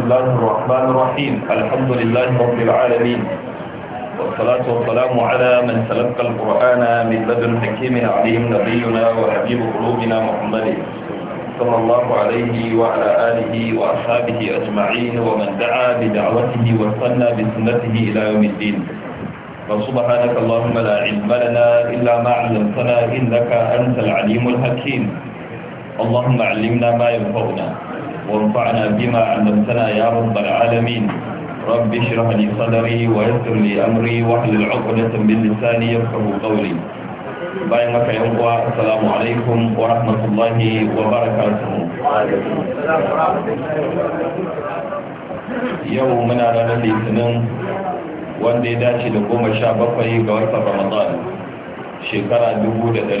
بسم الله الرحمن الرحيم الحمد لله رب العالمين والصلاة والسلام على من تلقى القرآن من لدن حكيم عليم نبينا وحبيب قلوبنا محمد صلى الله عليه وعلى آله وأصحابه أجمعين ومن دعا بدعوته وسنى بسنته إلى يوم الدين فسبحانك اللهم لا علم لنا إلا ما علمتنا إنك أنت العليم الحكيم اللهم علمنا ما ينفعنا وانفعنا بما علمتنا يا رب العالمين رب اشرح لي صدري ويسر لي امري واحلل عقدة من لساني يفقه قولي bayan haka yan uwa assalamu alaikum wa rahmatullahi wa barakatuh yau muna ranar litinin wanda ya dace da goma sha bakwai ga watan ramadan shekara 446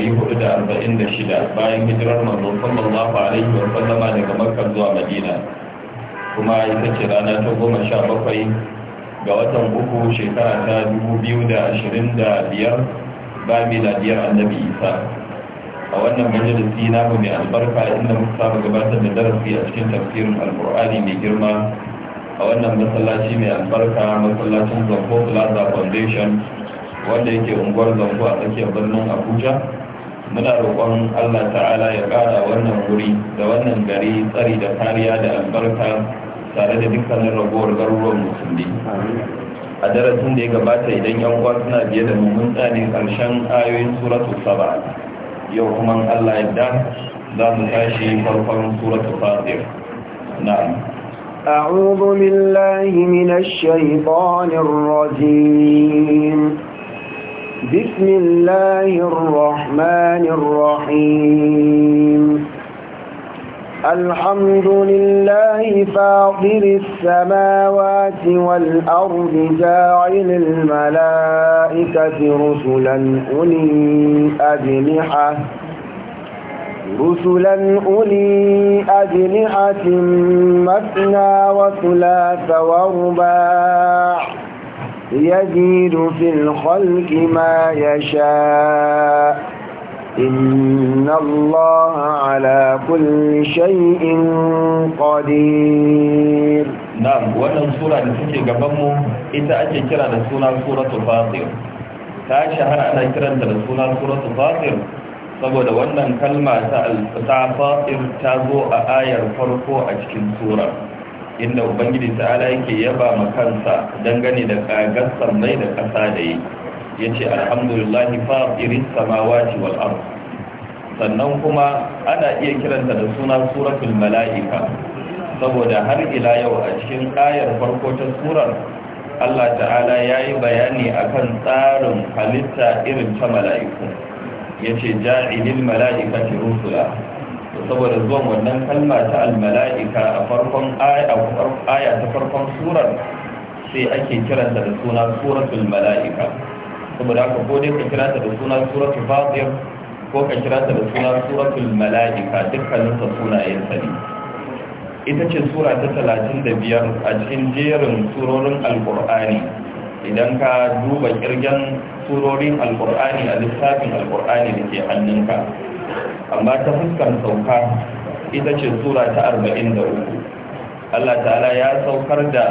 bayan hijirar manzon sallallahu alaihi wa sallama daga makka zuwa madina kuma ita ce rana ta goma sha bakwai ga watan uku shekara ta 2025 ba miladiyar annabi isa a wannan majalisi namu mai albarka inda muka saba gabatar da darasi a cikin tafsirin alkur'ani mai girma a wannan masallaci mai albarka masallacin zanko plaza foundation wanda yake unguwar zango a tsakiyar birnin abuja muna roƙon allah ta'ala ya ƙara wannan wuri da wannan gari tsari da kariya da albarka tare da dukkanin ragowar garuruwan musulmi a darasin da ya gabata idan yan uwa suna biye da mummun tsani karshen ayoyin suratul saba yau kuma allah ya da za mu tashi farkon suratul fatir na'am أعوذ بالله من الشيطان الرجيم بسم الله الرحمن الرحيم الحمد لله فاطر السماوات والأرض جاعل الملائكة رسلا أولي أجنحة رسلا أولي أجنحة مثنى وثلاث ورباع يزيد في الخلق ما يشاء إن الله على كل شيء قدير نعم wannan sura da take gaban ita ake kira da suna suratul fatir ta shahara ana kiranta da suna suratul fatir saboda wannan kalma ta al-fatir ta zo a ayar farko a cikin sura. inda ubangiji ta'ala yake yaba ma kansa dangane da kagar sammai da ƙasa da yi ya ce alhamdulillahi fa'irin samawati wal ard sannan kuma ana iya kiranta da suna suratul mala'ika saboda har ila yau a cikin ayar farko ta surar Allah ta'ala ya yi bayani akan tsarin halitta irin ta mala'iku ya ce mala'ika mala'ikati rusula saboda zuwan wannan kalma ta almala'ika a farkon aya ta farkon surar sai ake kiranta da suna suratul mala'ika saboda haka ko dai ka kiranta da suna suratul fatir ko ka kiranta da suna suratul mala'ika dukkanin ta sunayen sani. ita ce sura ta biyar a cikin jerin surorin alqur'ani idan ka duba kirgen surorin alqur'ani a lissafin alqur'ani da ke hannunka amma ta fuskar sauka ita ce sura ta 43 Allah ta'ala ya saukar da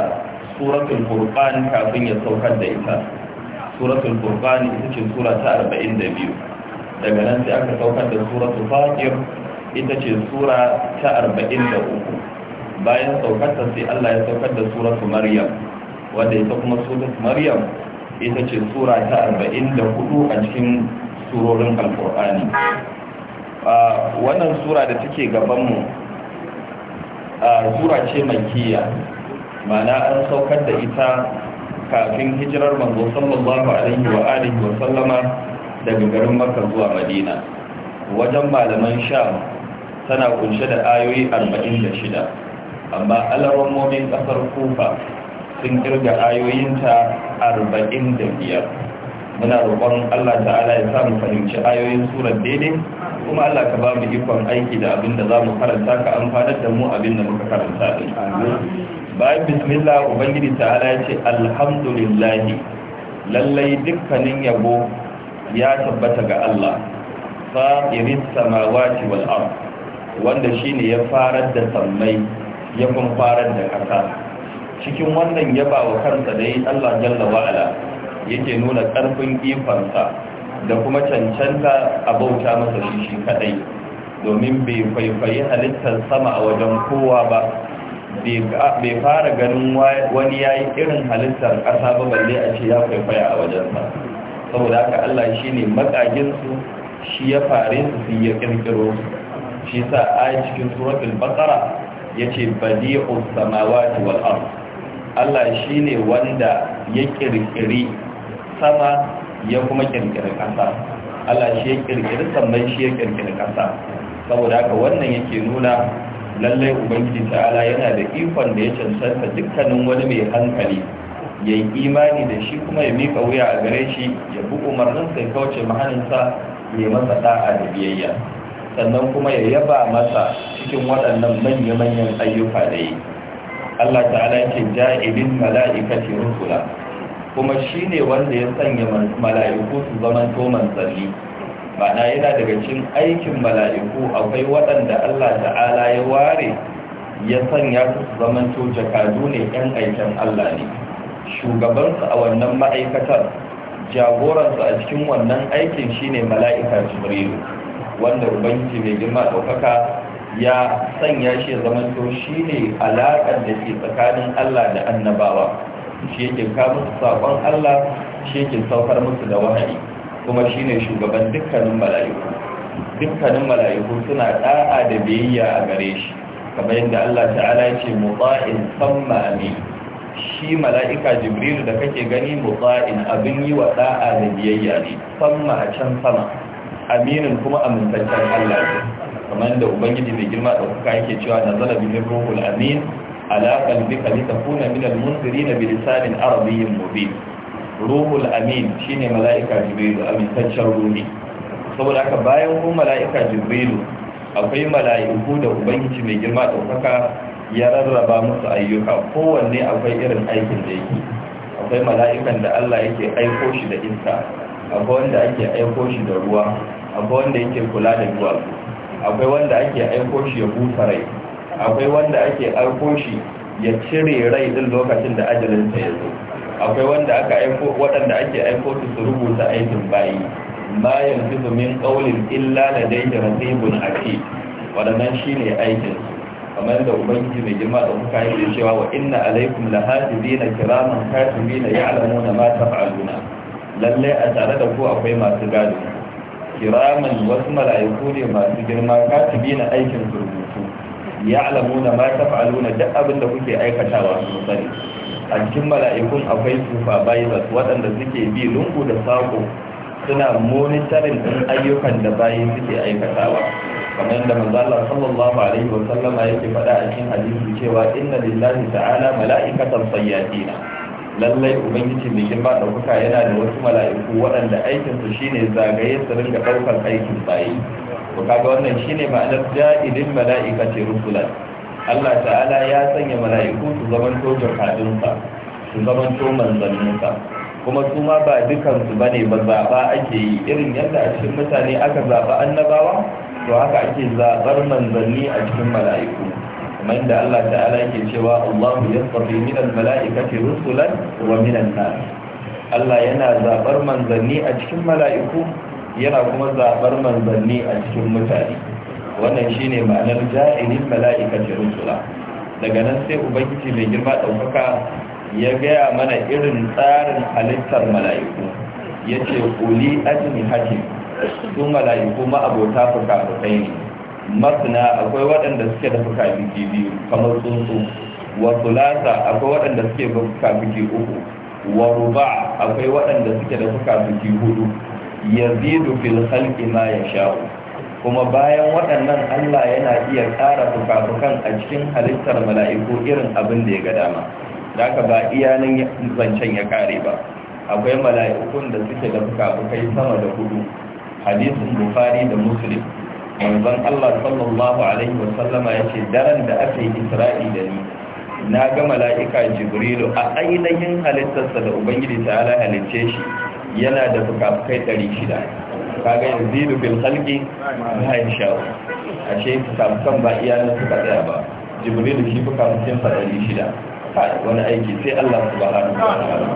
suratul furqan kafin ya saukar da ita suratul furqan ita ce sura ta 42 daga nan sai aka saukar da suratul fatir ita ce sura ta 43 bayan saukarta sai Allah ya saukar da suratul maryam wanda ita kuma suratul maryam ita ce sura ta 44 a cikin surorin alkur'ani wannan sura da take gabanmu sura ce makiya mana an saukar da ita kafin hijirar manzo sallallahu alaihi wa alihi wa sallama daga garin makka zuwa madina wajen malaman sham tana kunshe da ayoyi 46 amma alawan kasar kufa sun kirga ayoyinta 45 muna roƙon Allah ta'ala ya sa mu fahimci ayoyin surar daidai kuma Allah ka ba ikon aiki da abin da za mu karanta ka amfanar da mu abin da muka karanta din bayan bismillah ubangiji ta'ala ala ce alhamdulillah lallai dukkanin yabo ya tabbata ga Allah fa'iris samawati wal ard wanda shine ya farar da sammai ya kun farar da ƙasa cikin wannan yaba wa kansa da yi Allah jalla ala yake nuna ƙarfin ikonsa da kuma cancanta a bauta masa shi shi kadai domin bai kwaikwayi halittar sama a wajen kowa ba bai fara ganin wani ya yi irin halittar ƙasa ba balle a ce ya kwaikwaya a wajensa saboda haka allah shi ne matsaginsu shi ya fare su su ya ƙirƙiro su shi sa a cikin suratul bakara ya ce badi'ul samawati wal ard allah shi ne wanda ya ƙirƙiri sama ya kuma kirkiri kasa Allah shi ya kirkiri sannan shi ya kirkiri kasa saboda haka wannan yake nuna lallai ubangiji ta'ala yana da ikon da ya cancanta dukkanin wani mai hankali ya yi imani da shi kuma ya mika wuya a gare shi ya bi umarnin sai kauce mahaninsa ya masa da'a da biyayya sannan kuma ya yaba masa cikin waɗannan manya-manyan ayyuka da yi Allah ta'ala ce ja'ibin mala'ikati rusula kuma shi ne wanda ya sanya mala'iku su zama to Ba ma'ana yana daga cikin aikin mala'iku akwai waɗanda Allah ta'ala ya ware ya sanya su su zaman to jakadu ne ‘yan aikin Allah ne shugabansu a wannan ma'aikatar jagoransu a cikin wannan aikin shi ne mala'ika Jibril, wanda ubangiji mai girma ɗaukaka ya sanya shi ya zaman to shi ne alaƙar da ke tsakanin Allah da annabawa shi yake kawo musu saƙon Allah shi yake saukar musu da wahayi kuma shi ne shugaban dukkanin mala'iku dukkanin mala'iku suna ɗa'a da biyayya a gare shi kamar yadda Allah ta'ala ya ce mutsa'in samma ne shi mala'ika jibrilu da kake gani mutsa'in abin yi wa ɗa'a da biyayya ne samma a can sama aminin kuma amintaccen Allah ne kamar yadda ubangiji mai girma ɗaukaka yake cewa na zalabi ne ruhul amin ala ta kuna min al-munzirin bi lisanin arabiyyin mubin ruhul amin shine mala'ika jibrilu amintaccen ruhi saboda haka bayan ko mala'ika jibrilu akwai mala'iku da ubangiji mai girma ɗaukaka ya rarraba musu ayyuka kowanne akwai irin aikin da yake akwai mala'ikan da Allah yake aiko shi da iska akwai wanda ake aiko shi da ruwa akwai wanda yake kula da duwatsu akwai wanda ake aiko shi ya busa rai akwai wanda ake aiko shi ya cire rai din lokacin da ajalinsa ya zo akwai wanda aka aiko waɗanda ake aiko su su rubuta aikin bayi ma yanzu min qaulin illa ladayhi rasibun ati wadannan shine aikin kamar da ubangiji mai girma da kuka yi cewa wa inna alaikum lahadibina kiraman katibina ya'lamuna ma taf'aluna lalle a tare da ku akwai masu gado kiraman wasu mala'iku ne masu girma katibina aikin turbu ya'lamuna ma taf'aluna duk abinda kuke aikatawa sun sani a cikin mala'ikun akwai tufa supervisors waɗanda suke bi lungu da saƙo suna monitorin ɗin ayyukan da bayi suke aikatawa kamar yadda manzala sallallahu alaihi wa sallama yake faɗa a cikin hadisi cewa inna lillahi ta'ala mala'ikatan sayyatina lallai ubangiji mai girma ɗaukaka yana da wasu mala'iku waɗanda aikinsu shine zagaye su ringa ɗaukar aikin bayi Baka kaga wannan shine ma'anar ja'idin mala'ikati rusulan Allah ta'ala ya sanya mala'iku su zaman to jakadunsa su zaman to manzanninsa kuma su ma ba dukansu ba ne ba zaɓa ake yi irin yadda a cikin mutane aka zaɓa annabawa to haka ake zaɓar manzanni a cikin mala'iku kamar da Allah ta'ala yake cewa Allahu yasfafi min al-mala'ikati rusulan wa min an-nas Allah yana zaɓar manzanni a cikin mala'iku yana kuma zabar manzanni a cikin mutane wannan shine ma'anar ja'ilin mala'ikati rusula daga nan sai ubangiji mai girma ɗaukaka ya gaya mana irin tsarin halittar mala'iku ya ce ƙuli ajini haki su mala'iku ma'abota fuka-fukai ne masana akwai waɗanda suke da fuka biki biyu kamar tsuntsu wa sulasa akwai waɗanda suke da fuka biki uku wa ruba akwai waɗanda suke da fuka biki hudu yazidu fil khalqi ma yasha'u kuma bayan waɗannan Allah yana iya ƙara fukafukan a cikin halittar mala'iku irin abin da ya ga dama da aka ba iyanin zancen ya kare ba akwai mala'ikun da suke da fukafukai sama da hudu hadisin bukhari da muslim manzon Allah sallallahu alaihi wa sallama ce, daren da aka yi Isra'i da ni na ga mala'ika Jibrilu a ainihin halittarsa da Ubangiji ta'ala halicce shi yana da shida. 600 kaga yanzu zidu bil halki ba ya shawo a ce fukafukan ba iya na suka tsaya ba Jibril shi fukafukin shida. 600 wani aiki sai Allah subhanahu wa ta'ala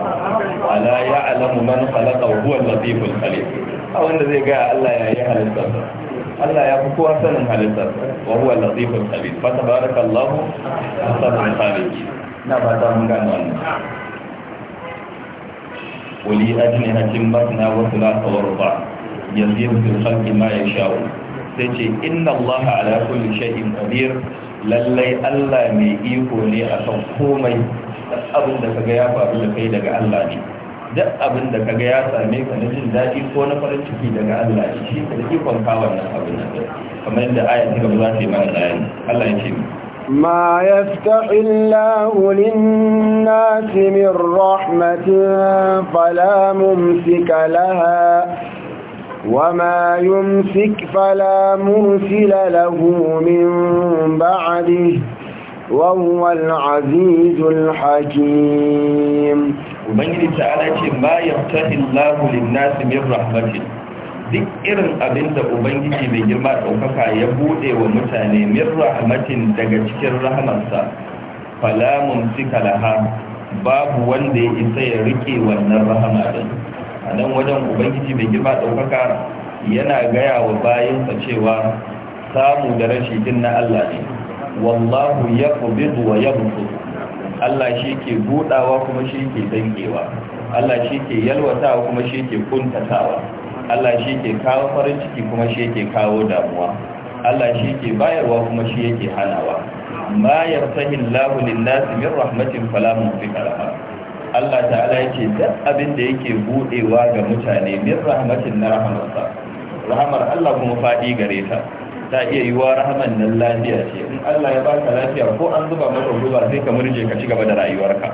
ala ya'lamu man khalaqa wa huwa al-latiful khabir a wanda zai ga Allah ya yi halittar Allah ya fi kowa sanin halittar wa huwa al-latiful khabir fa a sanin khaliqin na ba ta mun gano wannan ولأجنحة مثنى وثلاث ورباع يزيد في الخلق ما يشاء sai ce inna Allah ala kulli shay'in qadir lallai Allah mai iko ne akan komai duk abin da kaga ya faru da kai daga Allah abin da kaga ya same ka na jin daɗi ko na farin ciki daga Allah ne shi ka da ikon ka wannan abin nan kamar yadda ayatin gaba za ta yi mana bayani Allah ya ce mu ما يفتح الله للناس من رحمة فلا ممسك لها وما يمسك فلا مرسل له من بعده وهو العزيز الحكيم ومن تعالى ما يفتح الله للناس من رحمته duk irin abin da ubangiji mai girma ɗaukaka ya buɗe wa mutane min rahmatin daga cikin rahamarsa falamun suka laha babu wanda ya isa ya rike wannan rahamarin. a nan wajen ubangiji mai girma ɗaukaka yana gaya wa bayansa cewa samu da rashi jin na Allah ne wallahu ya wa ya Allah shi ke buɗawa kuma shi ke dangewa Allah shi ke yalwatawa kuma shi ke kuntatawa Allah shi ke kawo farin ciki kuma shi ke kawo damuwa Allah shi ke bayarwa kuma shi yake hanawa ma yartahi Allahu lin-nasi min rahmatin fala mumsika laha Allah ta'ala yake duk abin da yake budewa ga mutane min rahmatin na rahmatsa rahmar Allah kuma fadi gare ta ta iya yi wa rahman nan lafiya ce in Allah ya baka lafiya ko an zuba maka guba sai ka murje ka ci gaba da rayuwarka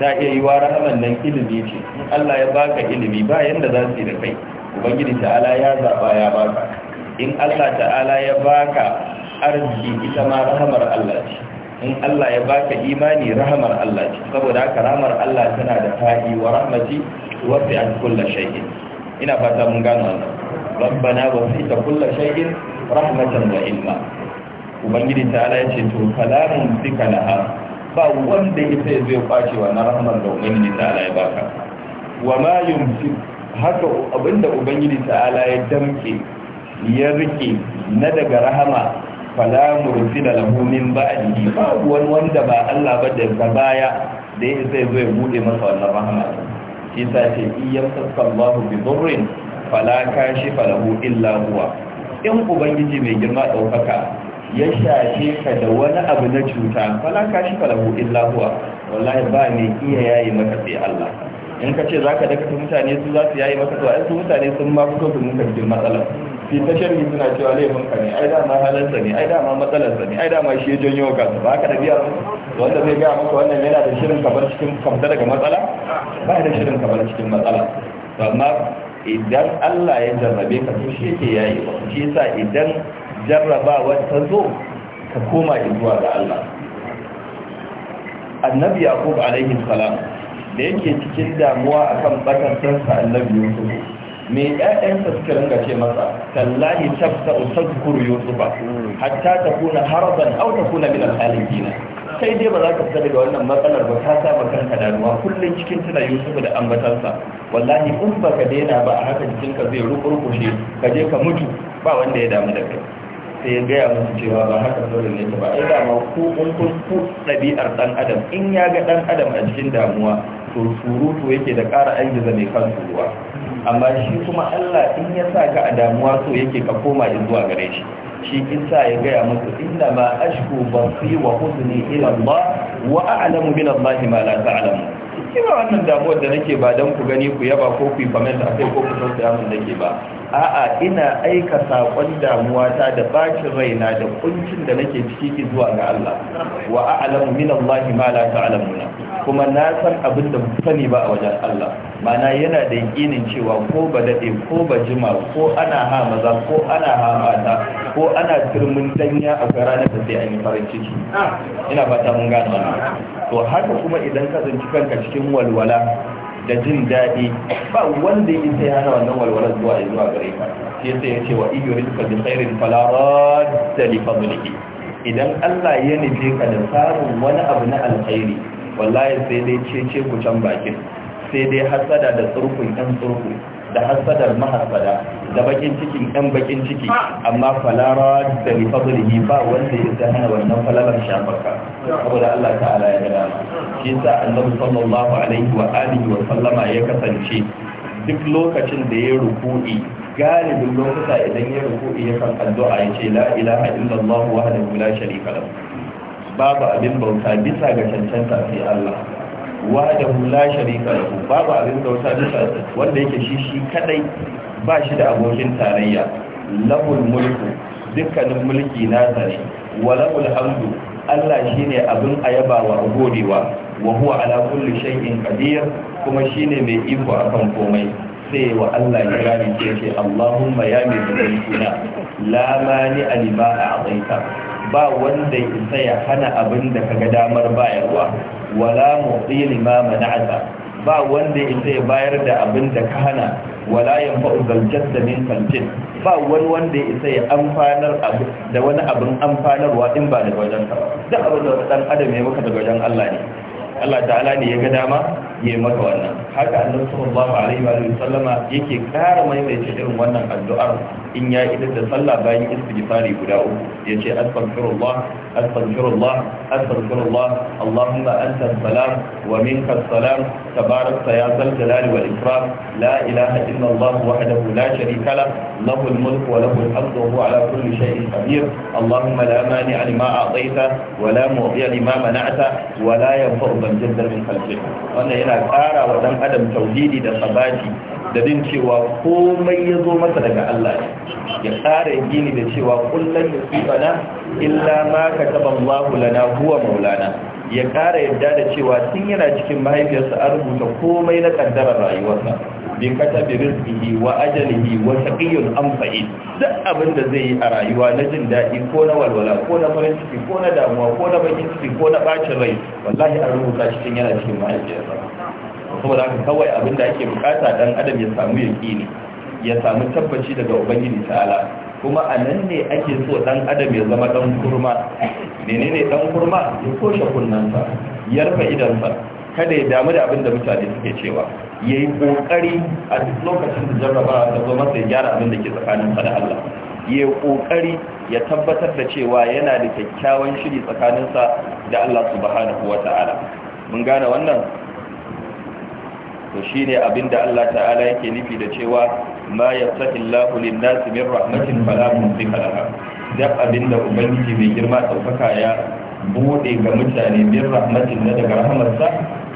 ta iya yi wa rahman nan ilimi ce in Allah ya baka ilimi ba yanda za su yi da kai ubangiji ta'ala ya zaba ya baka in Allah ta'ala ya baka arziki ita ma rahamar Allah ce in Allah ya baka imani rahamar Allah ce saboda haka rahamar Allah tana da fa'i wa rahmaci rahmati wasi'at kulla shaikin. ina fata mun gano wannan rabbana wasi'ta kulla shaikin rahmatan wa ilma ubangiji ta'ala ya ce to kalamun na laha ba wanda ya sai zai kwace wannan rahmar da ubangiji ta'ala ya baka wa ma yumsiku haka abinda ubangiji ta'ala ya damke ya rike na daga rahama fala murfida lahu min ba'dihi ba wani wanda ba Allah ba da baya da ya sai zo ya bude masa wannan rahama shi sa ce iyyam sallahu bi dhurrin fala kashifa lahu illa huwa in ubangiji mai girma daukaka ya shafe ka da wani abu na cuta fala kashifa lahu illa huwa wallahi ba ne iya yayi maka sai Allah in ka ce za ka daga mutane su za su yayi masa to ai su mutane sun ma fito su muka cikin matsalar fi ta sharri suna cewa laifin ka ne ai dama halarsa ne ai dama matsalarsa ne ai dama shi ya janyo ka su ba ka da biya wanda zai gaya maka wannan yana da shirin kabar cikin kamta daga matsala ba da shirin kabar cikin matsala amma idan Allah ya jarrabe ka to shi yake yayi ba shi yasa idan jarrabawa ta zo ka koma zuwa ga Allah annabi yaqub alaihi salam da yake cikin damuwa akan bakan sansa annabi yusuf me ƴaƴansa suka ringa ce masa tallahi tabta usazkuru yusufa hatta ta takuna haraban ta kuna min al-halikin Sai dai ba za ka fita daga wannan matsalar ba sa saba kanka damuwa kullum cikin tana yusuf da ambatarsa wallahi in ba ka daina ba a haka jikinka zai rukurkushe ka je ka mutu ba wanda ya damu da kai sai ya gaya musu cewa ba haka dole ne ba ai dama ku ku ɗabi'ar ɗan adam in ya ga ɗan adam a cikin damuwa to surutu yake da ƙara aljiza mai kan ruwa amma shi kuma Allah in ya sa ka a damuwa so yake ka koma zuwa gare shi shi sa ya gaya musu inna ma ashku yi wa huzni ila Allah wa a'lamu min Allah ma la ta'lamu kira wannan damuwar da nake ba dan ku gani ku yaba ko ku comment akai ko ku tausaya mun nake ba a'a ina aika saƙon damuwata da bacin raina da kuncin da nake ciki zuwa ga Allah wa a'lamu min Allah ma la ta'lamuna kuma na san abin da sani ba a wajen Allah mana yana da yakinin cewa ko ba dade ko ba jima ko ana ha maza ko ana ha mata ko ana turmin danya a ranar da sai an yi farin ciki ina fata mun gane to haka kuma idan ka zanci kanka cikin walwala da jin daɗi ba wanda ya sai hana wannan walwalar zuwa zuwa gare ka shi sai ya wa iyo rizqa bi khairin fala radda li fadlihi idan Allah ya nufe ka da samun wani abu na alkhairi wallahi sai dai cece ce ku can bakin sai dai hasada da tsurkun ɗan tsurku da hasadar mahasada da bakin cikin ɗan bakin ciki amma falara da lifadlihi ba wanda ya ta hana wannan falarar shafarka saboda Allah ta'ala ya gada shi sa annabi sallallahu alaihi wa alihi wa sallama ya kasance duk lokacin da ya ruku'i galibin lokuta idan ya ruku'i ya kan addu'a ya ce la ilaha illallah wahdahu la sharika babu abin bauta bisa ga cancanta sai Allah da la sharika lahu babu abin bauta duka wanda yake shi shi kadai ba shi da abokin tarayya lahul mulku dukkanin mulki na tare wa lahul hamdu Allah shine abin a godewa wa huwa ala kulli shay'in qadir kuma ne mai iko akan komai sai wa Allah ya rami ce ce Allahumma ya mai bukai suna la mani alima a azaita ba wanda ya hana abin da kaga damar bayarwa wala mutsi lima mana'ata ba wanda isa ya bayar da abin da ka hana wala ya yanfa'u da min kantin ba wani wanda isa ya amfanar da wani abin amfanarwa in ba da wajen ka duk abin da wani dan adam ya maka da wajen Allah ne Allah ta'ala ne ya ga dama ya yi mata wannan haka annabi sallallahu alaihi wa sallama yake kara mai maimaita irin wannan addu'ar in ya yi da sallah bayan istighfari guda uku yace astaghfirullah astaghfirullah astaghfirullah allahumma anta salam wa minka salam tabarakta ya zal jalal wal ikram la ilaha illa allah wahdahu la sharika lah lahu al mulk wa lahu al hamd wa huwa ala kulli shay'in qadir allahumma la mani'a lima a'tayta wa la mu'tiya lima mana'ta wa la yanfa'u man jadda min khalqika wannan yana ƙara wa ɗan adam tauhidi da sabati da din cewa komai ya zo masa daga Allah ya ƙara gini da cewa kullum ya na illa ma ka taɓa lana huwa maulana ya ƙara yadda da cewa tun yana cikin mahaifiyarsa an rubuta komai na ƙaddarar rayuwarsa bi katabi rizqihi wa ajalihi wa shaqiyyun am sa'id duk abin da zai yi a rayuwa na jin dadi ko na walwala ko na farin ciki ko na damuwa ko na bakin ciki ko na bacin rai wallahi an rubuta cikin yana cikin mahaifiyarsa saboda haka kawai abin da ake bukata dan adam ya samu yaqini ya samu tabbaci daga ubangiji ta'ala kuma a nan ne ake so dan adam ya zama dan kurma menene dan kurma ya koshe kunnansa ya rufe idansa kada ya damu da abin da mutane suke cewa ya yi ƙoƙari a lokacin da jarraba da zo masa ya gyara abin da ke tsakaninsa da Allah ya yi ƙoƙari ya tabbatar da cewa yana da kyakkyawan shiri tsakanin sa da Allah subhanahu wa ta'ala mun gane wannan to shine abin da Allah ta'ala yake nufi da cewa ma yaftahi Allah lin-nasi min rahmatin fala mumsika laha duk abin da ubangiji mai girma ɗaukaka ya bude ga mutane min rahmatin na daga rahmarsa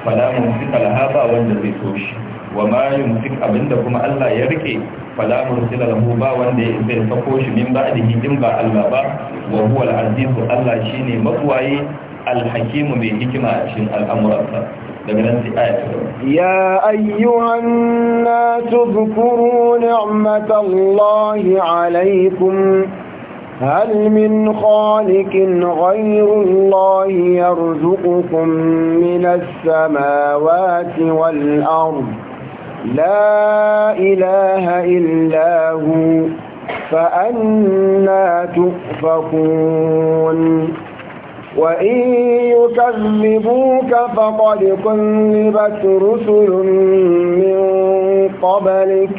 fala mumsik alha ba wanda zai so shi wa ma yumsik abinda kuma Allah ya rike fala mursila lahu ba wanda zai sako shi min ba'dihi in ba Allah ba wa huwa al Allah shine mabuwaye al-hakim mai hikima a cikin al'amuransa يا أيها الناس اذكروا نعمة الله عليكم هل من خالق غير الله يرزقكم من السماوات والأرض لا إله إلا هو فأنا تؤفكون وإن يكذبوك فقد كذبت رسل من قبلك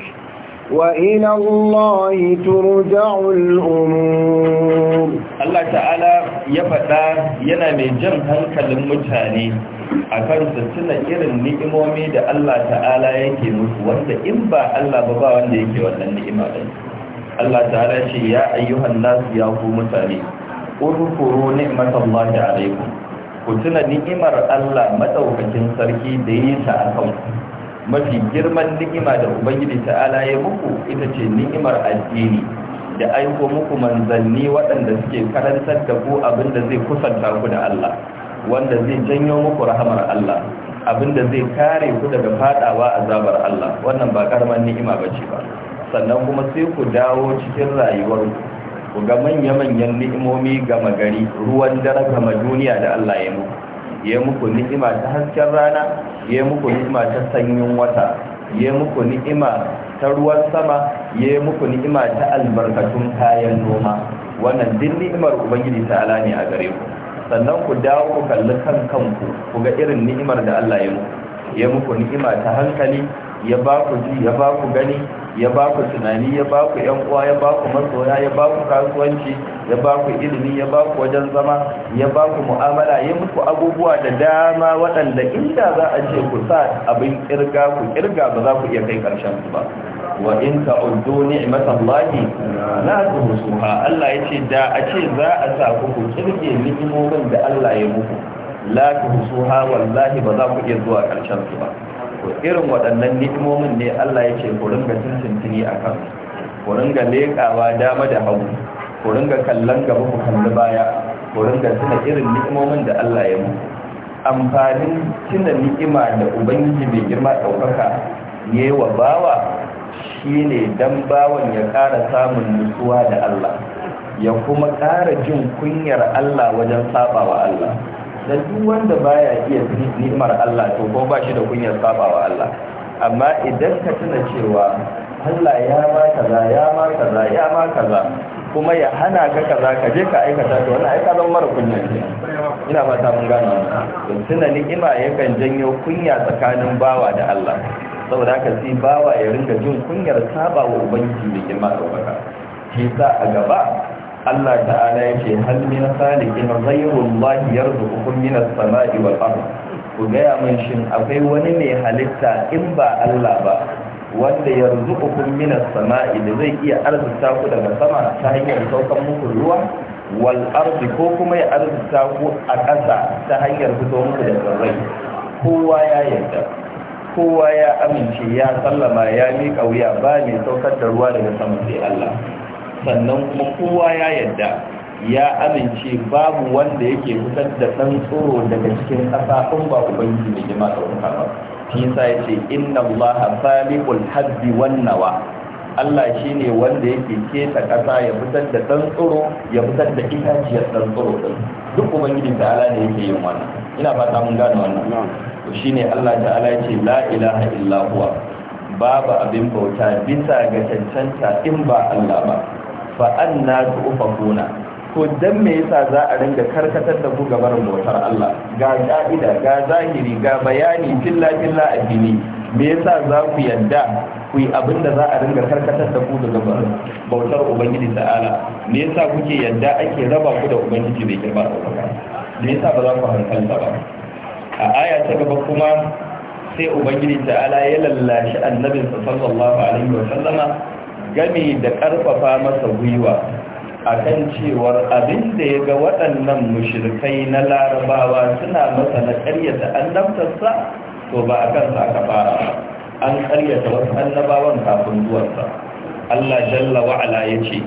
وإلى الله ترجع الأمور الله تعالى يفتا yana mai jan hankalin mutane a kan tuna irin ni'imomi da Allah ta'ala yake musu wanda in ba Allah ba ba wanda yake wannan ni'ima ɗin Allah ta'ala ce ya ayyuhan nasu ya ku mutane urkuru ni'matallahi alaikum ku tuna ni'imar Allah madaukakin sarki da yi ta akan ku mafi girman ni'ima da ubangiji ta'ala ya muku ita ce ni'imar addini da aiko muku manzanni waɗanda suke karantar da ku abinda zai kusanta ku da Allah wanda zai janyo muku rahamar Allah abinda zai kare ku daga fadawa azabar Allah wannan ba karaman ni'ima bace ba sannan kuma sai ku dawo cikin rayuwar ku ga manya-manyan ni'imomi ga magari ruwan dare ga duniya da Allah ya muku ya muku ni'ima ta hasken rana ya muku ni'ima ta sanyin wata ya muku ni'ima ta ruwan sama ya muku ni'ima ta albarkatun kayan noma wannan duk ni'imar ubangiji ta ala ne a gare ku sannan ku dawo ku kalli kan kanku ku ga irin ni'imar da Allah ya muku ya muku ni'ima ta hankali ya ba ku ji ya ba ku gani ya ba ku tunani ya ba ku yan uwa ya ba ku masoya ya ba ku kasuwanci ya ba ku ilimi ya ba ku wajen zama ya ba ku mu'amala ya muku abubuwa da dama waɗanda inda za a ce ku sa abin kirga ku kirga ba za ku iya kai karshen su ba wa in ta'uddu ni'matallahi la tuhsuha Allah yace da a ce za a sa ku ku kirge ni'imomin da Allah ya muku la tuhsuha wallahi ba za ku iya zuwa karshen su ba irin waɗannan ni'imomin ne Allah ya ce ku ringa tuntuntuni a kan ku ga leƙawa dama da hagu ku ga kallon gaba ku kalli baya ku ga tuna irin ni'imomin da Allah ya mu. amfanin tuna ni'ima da ubangiji mai girma ɗaukaka ne wa bawa shine dan bawan ya ƙara samun nutsuwa da Allah ya kuma ƙara jin kunyar Allah wajen saɓawa Allah dan duk wanda baya iya ni'imar Allah to ko ba shi da kunyar saba Allah amma idan ka tuna cewa Allah ya ma kaza ya ma kaza ya ma kaza kuma ya hana ka kaza ka je ka aikata to wannan ka zan mara kunya ne ina ta mun gane to tuna ni'ima yakan janyo kunya tsakanin bawa da Allah saboda haka sai bawa ya ringa jin kunyar sabawa wa ubangiji da Ke da shi sa a gaba Allah ta'ala yake hal min khaliqin ghayrullahi yarzuqukum min as-sama'i wal ard ku ga mun shin akwai wani mai halitta in ba Allah ba wanda yarzuqukum min as-sama'i da zai iya arzuta ku daga sama ta hanyar saukan muku ruwa wal ard ko kuma ya arzuta ku a ƙasa ta hanyar fito muku da tsirrai kowa ya yarda kowa ya amince ya sallama ya miƙa wuya ba mai saukar da ruwa daga sama sai Allah sannan kuma kowa ya yadda ya amince babu wanda yake fitar da ɗan tsoro daga cikin ƙasa kun ba ubangiji mai jima ɗaukaka ba shi yasa ya ce inna allaha salihul hadbi wan nawa Allah shi ne wanda yake keta ƙasa ya fitar da ɗan tsoro ya fitar da itaciyar ɗan tsoro din duk da ta'ala ne yake yin wannan ina fata mun gane wannan to shine Allah ta'ala ya ce la ilaha illa huwa babu abin bauta bisa ga cancanta in ba Allah ba fa anna tu'fakuna ko dan me yasa za a ringa karkatar da ku gabar bautar Allah ga ka'ida ga zahiri ga bayani filla filla gini, me yasa za ku yadda ku yi abin da za a ringa karkatar da ku gabar bautar ubangiji ta'ala me yasa kuke yadda ake raba ku da ubangiji bai girma da ubangiji me yasa ba za ku hankalta ba a aya ta gaba kuma sai ubangiji ta'ala ya lallashi annabinsa sallallahu alaihi wa sallama gami da ƙarfafa masa gwiwa kan cewar abinda ya ga waɗannan mushirikai na larabawa suna masa na ƙaryata annabtarsa to ba a kansa aka fara an ƙaryata wasu annabawan kafin zuwansa Allah jalla wa'ala ya ce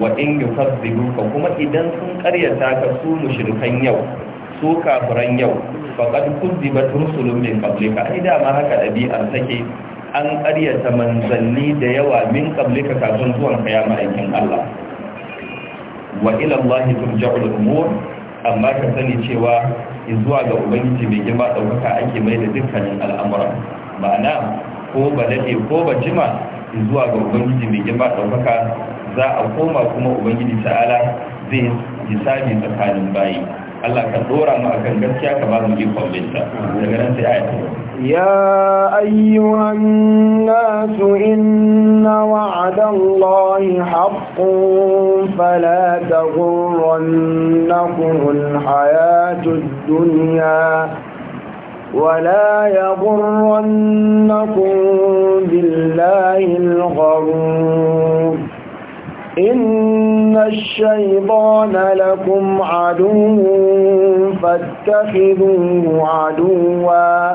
wa in duka kuma idan sun ƙaryata ka su mushrikan yau su kafiran yau ba kuzzibat rusulun min qablika ai da ma haka ɗabi'ar take an ƙaryata manzanni da yawa min ƙablika kafin zuwan kaya ma'aikin Allah wa ilallahi turja'ul umur amma ka sani cewa zuwa ga ubangiji mai girma ɗaukaka ake mai da dukkanin al'amuran, ma'ana ko ba daɗe ko ba jima zuwa ga ubangiji mai girma ɗaukaka za a koma kuma ubangiji ta'ala zai hisabi tsakanin bayi Allah ka dora mu akan gaskiya ka ba mu ikon binta daga nan sai ayatu ya ayyuhan nas inna wa'ada Allahi ولا يغرنكم بالله الغرور إن الشيطان لكم عدو فاتخذوه عدوا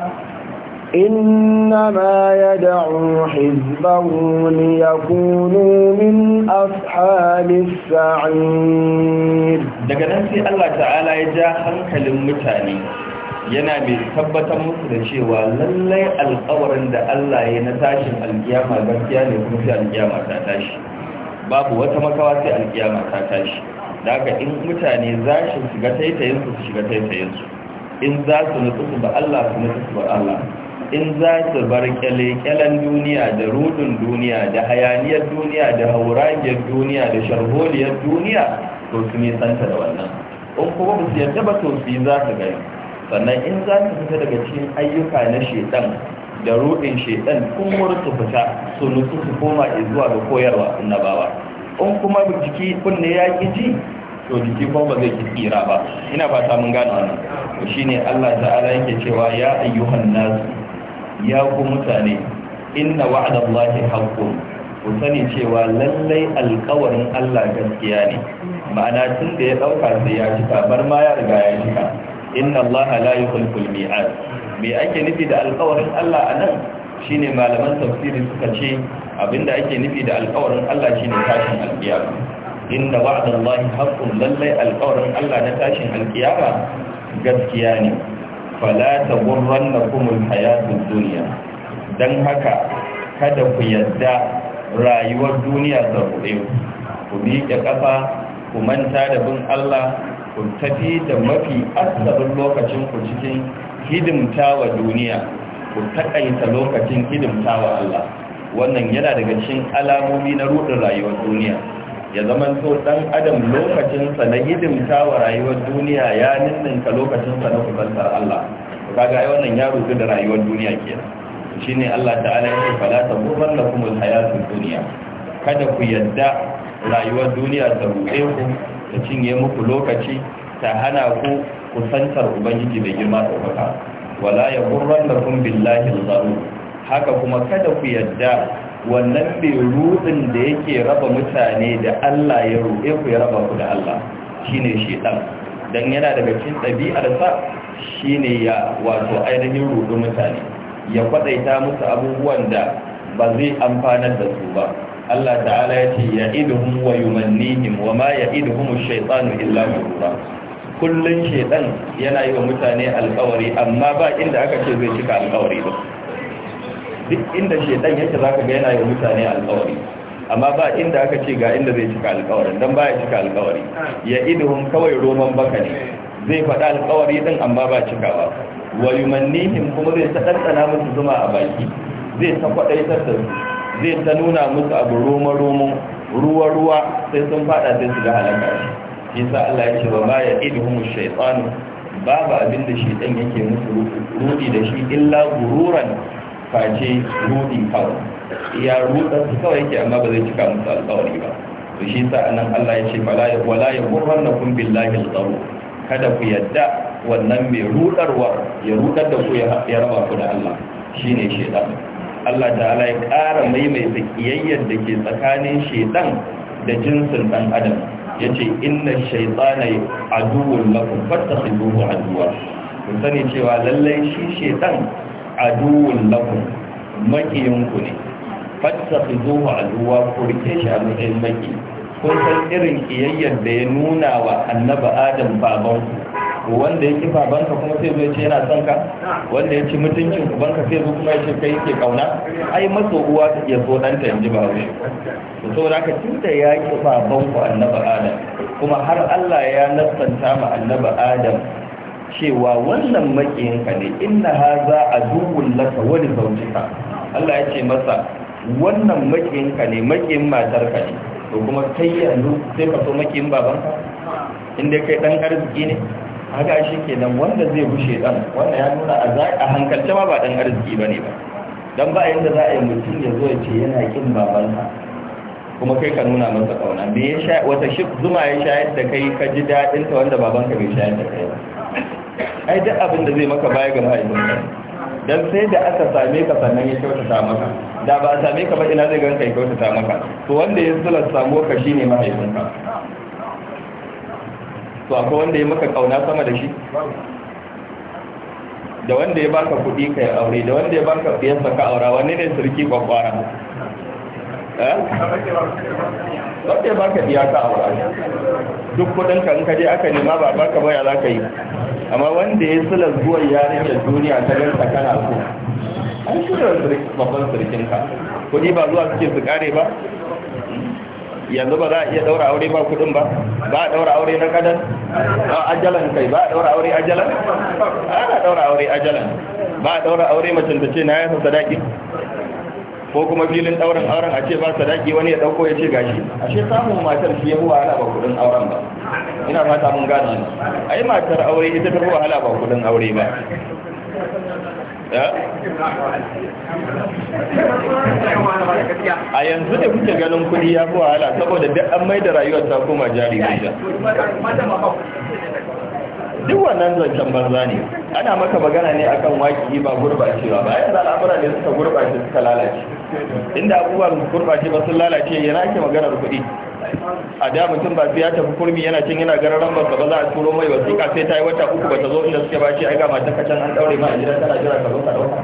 إنما يدعو حزبه ليكونوا من أصحاب السعير daga nan sai Allah ta'ala ya ja hankalin mutane yana mai tabbatar musu da cewa lallai alƙawarin da Allah ya na tashin alkiyama gaskiya ne kuma sai alkiyama ta tashi babu wata makawa sai alkiyama ta tashi da haka in mutane za su shiga taitayen su su shiga taitayen su in za su nutsu su ba Allah su nutsu su ba Allah in za su bar kyale-kyalen duniya da rudin duniya da hayaniyar duniya da hauragen duniya da sharholiyar duniya to su santa da wannan in kuma ba su yarda ba to su yi za su gani sannan in za su fita daga cikin ayyuka na shedan da ruɗin shaitan kun wurin su fita su nutsu su koma zuwa ga koyarwa annabawa in kuma jiki kunne ya ki ji to jiki kuma ba zai ki tsira ba ina fata mun gane wannan to shine Allah ta'ala yake cewa ya ayyuhan nas ya ku mutane inna wa'dallahi haqqun ku sani cewa lallai alƙawarin Allah gaskiya ne ma'ana tun da ya dauka sai ya cika bar ma ya riga ya cika inna Allah la yukhlifu al-mi'ad me ake nufi da alkawarin Allah a nan Shi ne malaman tafsiri suka ce abinda ake nufi da alkawarin Allah shi ne tashin alkiyama inda wa'dallahi haƙun lallai alkawarin Allah na tashin alkiyama gaskiya ne fala kuma hayatun duniya. Don haka kada ku yadda rayuwar duniya ta ku, ku miƙe ƙafa ku manta da bin Allah ku tafi da mafi asalin lokacin ku cikin hidimta wa duniya ku takaita lokacin hidimta wa Allah wannan yana daga cikin alamomi na rudin rayuwar duniya ya zama so dan adam lokacinsa na hidimta wa rayuwar duniya ya ninninka lokacinsa na kusantar Allah kaga ai wannan ya rudu da rayuwar duniya kenan shine Allah ta'ala ya ce fala tabubannakumul hayatud dunya kada ku yadda rayuwar duniya ta rude ku ta cinye muku lokaci ta hana ku kusantar ubangiji mai girma da ɗaukaka wala ya gurran da kun billahi zaru haka kuma kada ku yadda wannan mai rudin da yake raba mutane da Allah ya ruɗe ku ya raba ku da Allah shine shedan dan yana daga cikin sa shine ya wato ainihin rudu mutane ya kwadaita musu abubuwan da ba zai amfanar da su ba Allah ta'ala ya ce ya iduhum wa yumannihim wa ma ya iduhum shaytanu illa gurura kullun shaytan yana yi wa mutane alƙawari amma ba inda aka ce zai cika alƙawari ba duk inda shaytan yake zaka ga yana yi wa mutane alƙawari amma ba inda aka ce ga inda zai cika alƙawarin dan ba ya cika alƙawari ya iduhum kawai roman baka ne zai faɗa alƙawari din amma ba cika ba wa yumannihim kuma zai ta musu zuma a baki zai ta kwadaitar da su zai ta nuna musu abu roma-roman ruwa-ruwa sai sun fada sai su ga halaka shi sa Allah ya ce ba ma ya idhumu shaytanu babu abin da shaytan yake musu rudi da shi illa gururan face rudi kawai ya ruda su kawai yake amma ba zai cika musu alƙawari ba to shi sa anan Allah ya ce fala ya wala na gurrannakum billahi tsaro. kada ku yadda wannan mai rudarwa ya rudar da ku ya raba ku da Allah shine shaytan Allah ta'ala ya ƙara maimaita ƙiyayyar da ke tsakanin shaidan da jinsin ɗan adam ya ce inna shaitana aduwun lakum fattakhiduhu aduwa ku sani cewa lallai shi shaitan aduwun lakum makiyin ku ne fattakhiduhu aduwa ku rike shi a matsayin maki kun san irin ƙiyayyar da ya nuna wa annaba adam babanku wanda ya kifa banka kuma sai zo ya ce yana son ka wanda ya ci mutuncin banka sai zo kuma ya ce kai yake kauna ai maso uwa ta iya so ɗanta ji ba wai to saboda haka tun da ya kifa banku annabi adam kuma har Allah ya nassanta ma annabi adam cewa wannan makiyinka ne inna haza aduwwun laka wani zaujika Allah ya ce masa wannan makiyinka ne makiyin matarka ne to kuma kai yanzu sai ka so makiyin babanka inda kai dan arziki ne haka shi kenan wanda zai bushe dan wanda ya nuna a za a hankalce ma ba dan arziki bane ba dan ba yanda za a yi mutum ya zo ya ce yana kin babansa kuma kai ka nuna masa kauna me ya sha wata shi zuma ya sha da kai ka ji dadin ta wanda babanka bai sha da kai ba ai duk abin da zai maka baya ga mahaifinka dan sai da aka same ka sannan ya kyautata maka da ba a same ka ba ina zai ganka ya kyautata maka to wanda ya sula samuwa ka shine mahaifinka to akwai wanda ya maka kauna sama da shi da wanda ya baka kuɗi ka aure da wanda ya baka biyan ka aura wanne ne sarki kwakwara eh? wanda ya baka biya ka aura duk kudin ka in ka je aka nema ba baka baya za ka yi amma wanda ya sula zuwan yarinyar duniya ta ganta kana so an shi da babban sarkinka kuɗi ba zuwa suke su kare ba yanzu ba za a iya daura aure ba kudin ba ba a daura aure na kadan a ajalan kai ba a daura aure ajalan ana daura aure ajalan ba a daura aure macin da ce na yasa sadaki ko kuma filin daurin auren a ce ba sadaki wani ya dauko ya ce gashi a ce samun matar shi ya fi wahala ba kudin auren ba ina fata mun gane ai matar aure ita ta fi wahala ba kudin aure ba Eh? a yanzu da kuke ganin kudi ya fi wahala saboda duk an mai da rayuwar ta koma jari guda duk wannan zancen banza ne ana maka magana ne akan waki ba gurbacewa ba yanzu al'amura ne suka gurbace suka lalace inda abubuwan gurbace ba sun lalace yana ke maganar kuɗi a da mutum ba ya tafi kurmi yana cin yana gararan babba ba za a turo mai wasiƙa sai ta yi wata uku ba ta zo inda suke ba shi ai ga matan kacan an daure ma a gidan tana jira ka zo ka dauka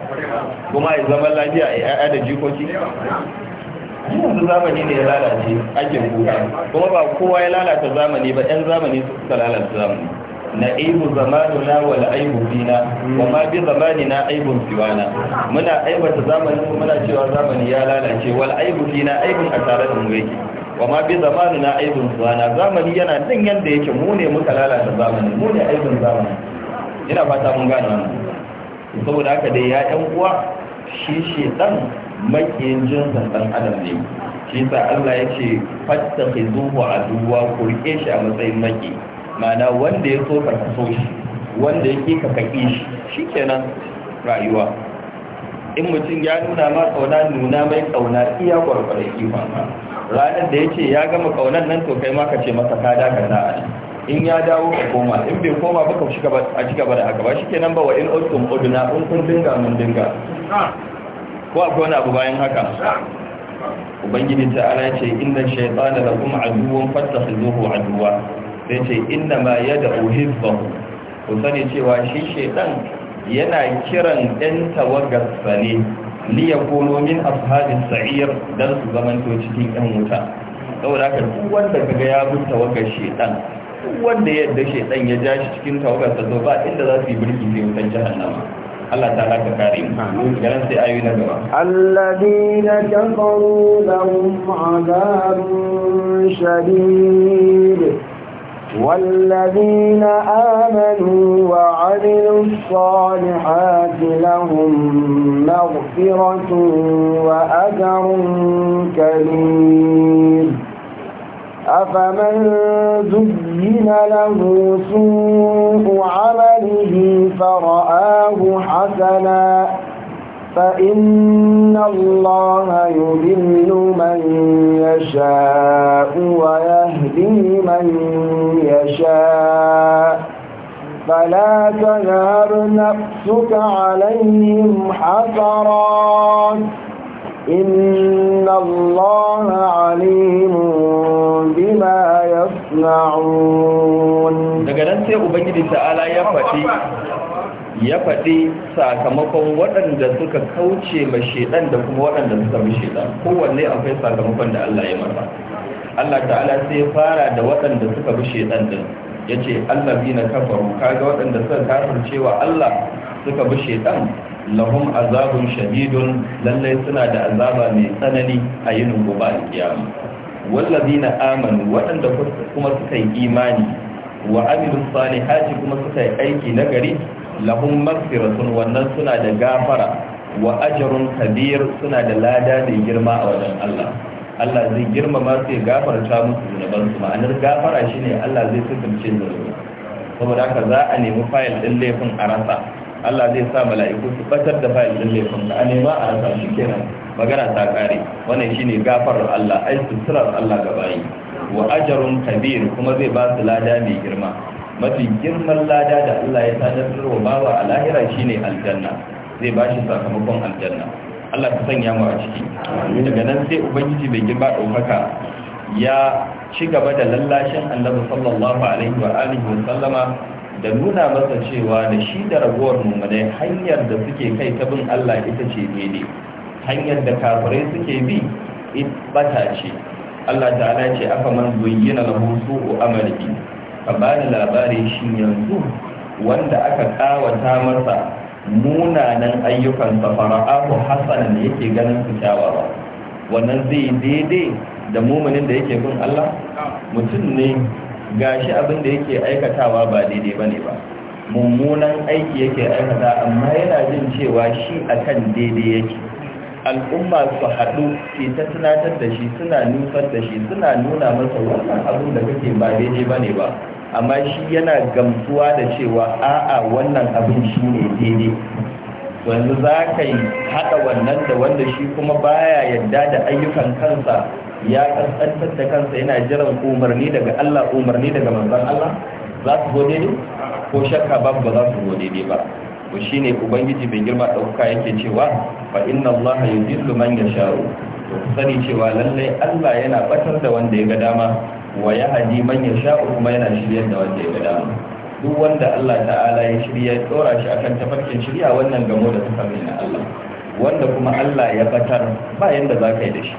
kuma ai zaman lafiya ya yaya da jikoki yanzu zamani ne ya lalace ake buga kuma ba kowa ya lalata zamani ba yan zamani suka lalata zamani aibu dina wa ma bi zamani na aibu siwana muna aibata zamani muna cewa zamani ya lalace wal aibu dina aibun a tare da mu yake wa ma bi zamanin na aibin zuwana zamani yana nan yanda yake mu ne muka lalata zamani mu ne aibin zamani ina fata mun gane wannan saboda haka dai ya ƴan uwa shi shedan makiyin jinsin dan adam ne shi sa Allah ya ce fattakhizuhu aduwa kurke shi a matsayin maki ma'ana wanda ya so ka so shi wanda yake ka kaki shi shikenan rayuwa in mutum ya nuna ma kauna nuna mai kauna iya gwargwaron ifa ranar da ya ce ya gama kaunan nan to kai ma ka ce masa ka dakata a in ya dawo ka koma in bai koma ba ka shiga a ci gaba da haka ba nan ba wa in ulkum oduna in kun dinga mun dinga ko akwai wani abu bayan haka ubangiji ta ala ce inna shaytana lakum aduwwan fattakhizuhu aduwa sai ce inna ma yad'u hizbahu ku sani cewa shi shaytan yana kiran ɗan tawagar sani. liyakono min ashabin sa'ir don su zamanto cikin yan wuta saboda haka duk wanda kaga ya bi tawagar shedan duk wanda ya yadda shedan ya ja shi cikin tawagar sa ba inda za su yi birki sai wutan jahannama Allah ta laka kare mu garan sai ayoyi na gaba alladina kafaru lahum adabun shadid والذين آمنوا وعملوا الصالحات لهم مغفرة وأجر كبير أفمن زين له سوء عمله فرآه حسناً فإن الله يذل من يشاء ويهدي من يشاء فلا تذهب نفسك عليهم حسرات إن الله عليم بما يصنعون ya faɗi sakamakon waɗanda suka kauce ma shedan da kuma waɗanda suka bi shedan kowanne akwai sakamakon da Allah ya masa Allah ta'ala sai ya fara da waɗanda suka bi shedan din yace allazina kafaru kaga waɗanda suka kafircewa Allah suka bi shedan lahum azabun shadidun lallai suna da azaba mai tsanani a yinin gobe alkiyama wallazina amanu waɗanda kuma suka yi imani wa amilu salihati kuma suka yi aiki nagari lahum maghfiratun wannan suna da gafara wa ajrun kabir suna da lada mai girma a wajen Allah Allah zai girmama su ya ta musu zunuban su ma'anar gafara shine Allah zai sukunce zunubi saboda haka za a nemi fayil din laifin a rasa Allah zai sa mala'iku su batar da fayil din laifin a nema a rasa shi kenan magana ta kare wannan shine gafarar Allah ai suturar Allah ga bayi wa ajrun kabir kuma zai ba su lada mai girma mafi girman lada da Allah ya sadar wa bawa a lahira shi ne aljanna zai ba shi sakamakon aljanna Allah ta sanya mu a ciki daga nan sai ubangiji bai girma ɗaukaka ya ci gaba da lallashin annabi sallallahu alaihi wa alihi wa sallama da nuna masa cewa da shi da ragowar mummunai hanyar da suke kai ta bin Allah ita ce daidai hanyar da kafirai suke bi ita ce Allah ta'ala ce aka man zuyyina lahu su'u amalihi ka bani labari shi yanzu wanda aka kawata masa munanan ayyukan Hassan da yake ganin su kyawawa wannan zai daidai da muminin da yake bin Allah mutum ne gashi abin da yake aikatawa ba daidai ba ne ba mummunan aiki yake aikata amma yana jin cewa shi akan daidai yake al'umma su haɗu ke ta tunatar da shi suna nufar da shi suna nuna masa wannan abin da kake ba daidai ba ne ba amma shi yana gamsuwa da cewa a'a wannan abin shi ne daidai wanzu za ka yi haɗa wannan da wanda shi kuma baya yadda da ayyukan kansa ya ƙasƙantar da kansa yana jiran umarni daga Allah umarni daga manzon Allah za su zo daidai ko shakka ba ba za su zo daidai ba ko shine ubangiji bai girma ɗauka yake cewa fa inna Allah yudillu man yasha'u to sani cewa lallai Allah yana batar da wanda ya ga dama wa yahdi man yasha kuma yana shiryar da wanda ya gada duk wanda Allah ta'ala ya shirya ya dora shi akan tafarkin shirya wannan gamo da tafarkin na Allah wanda kuma Allah ya batar ba yanda za ka yi da shi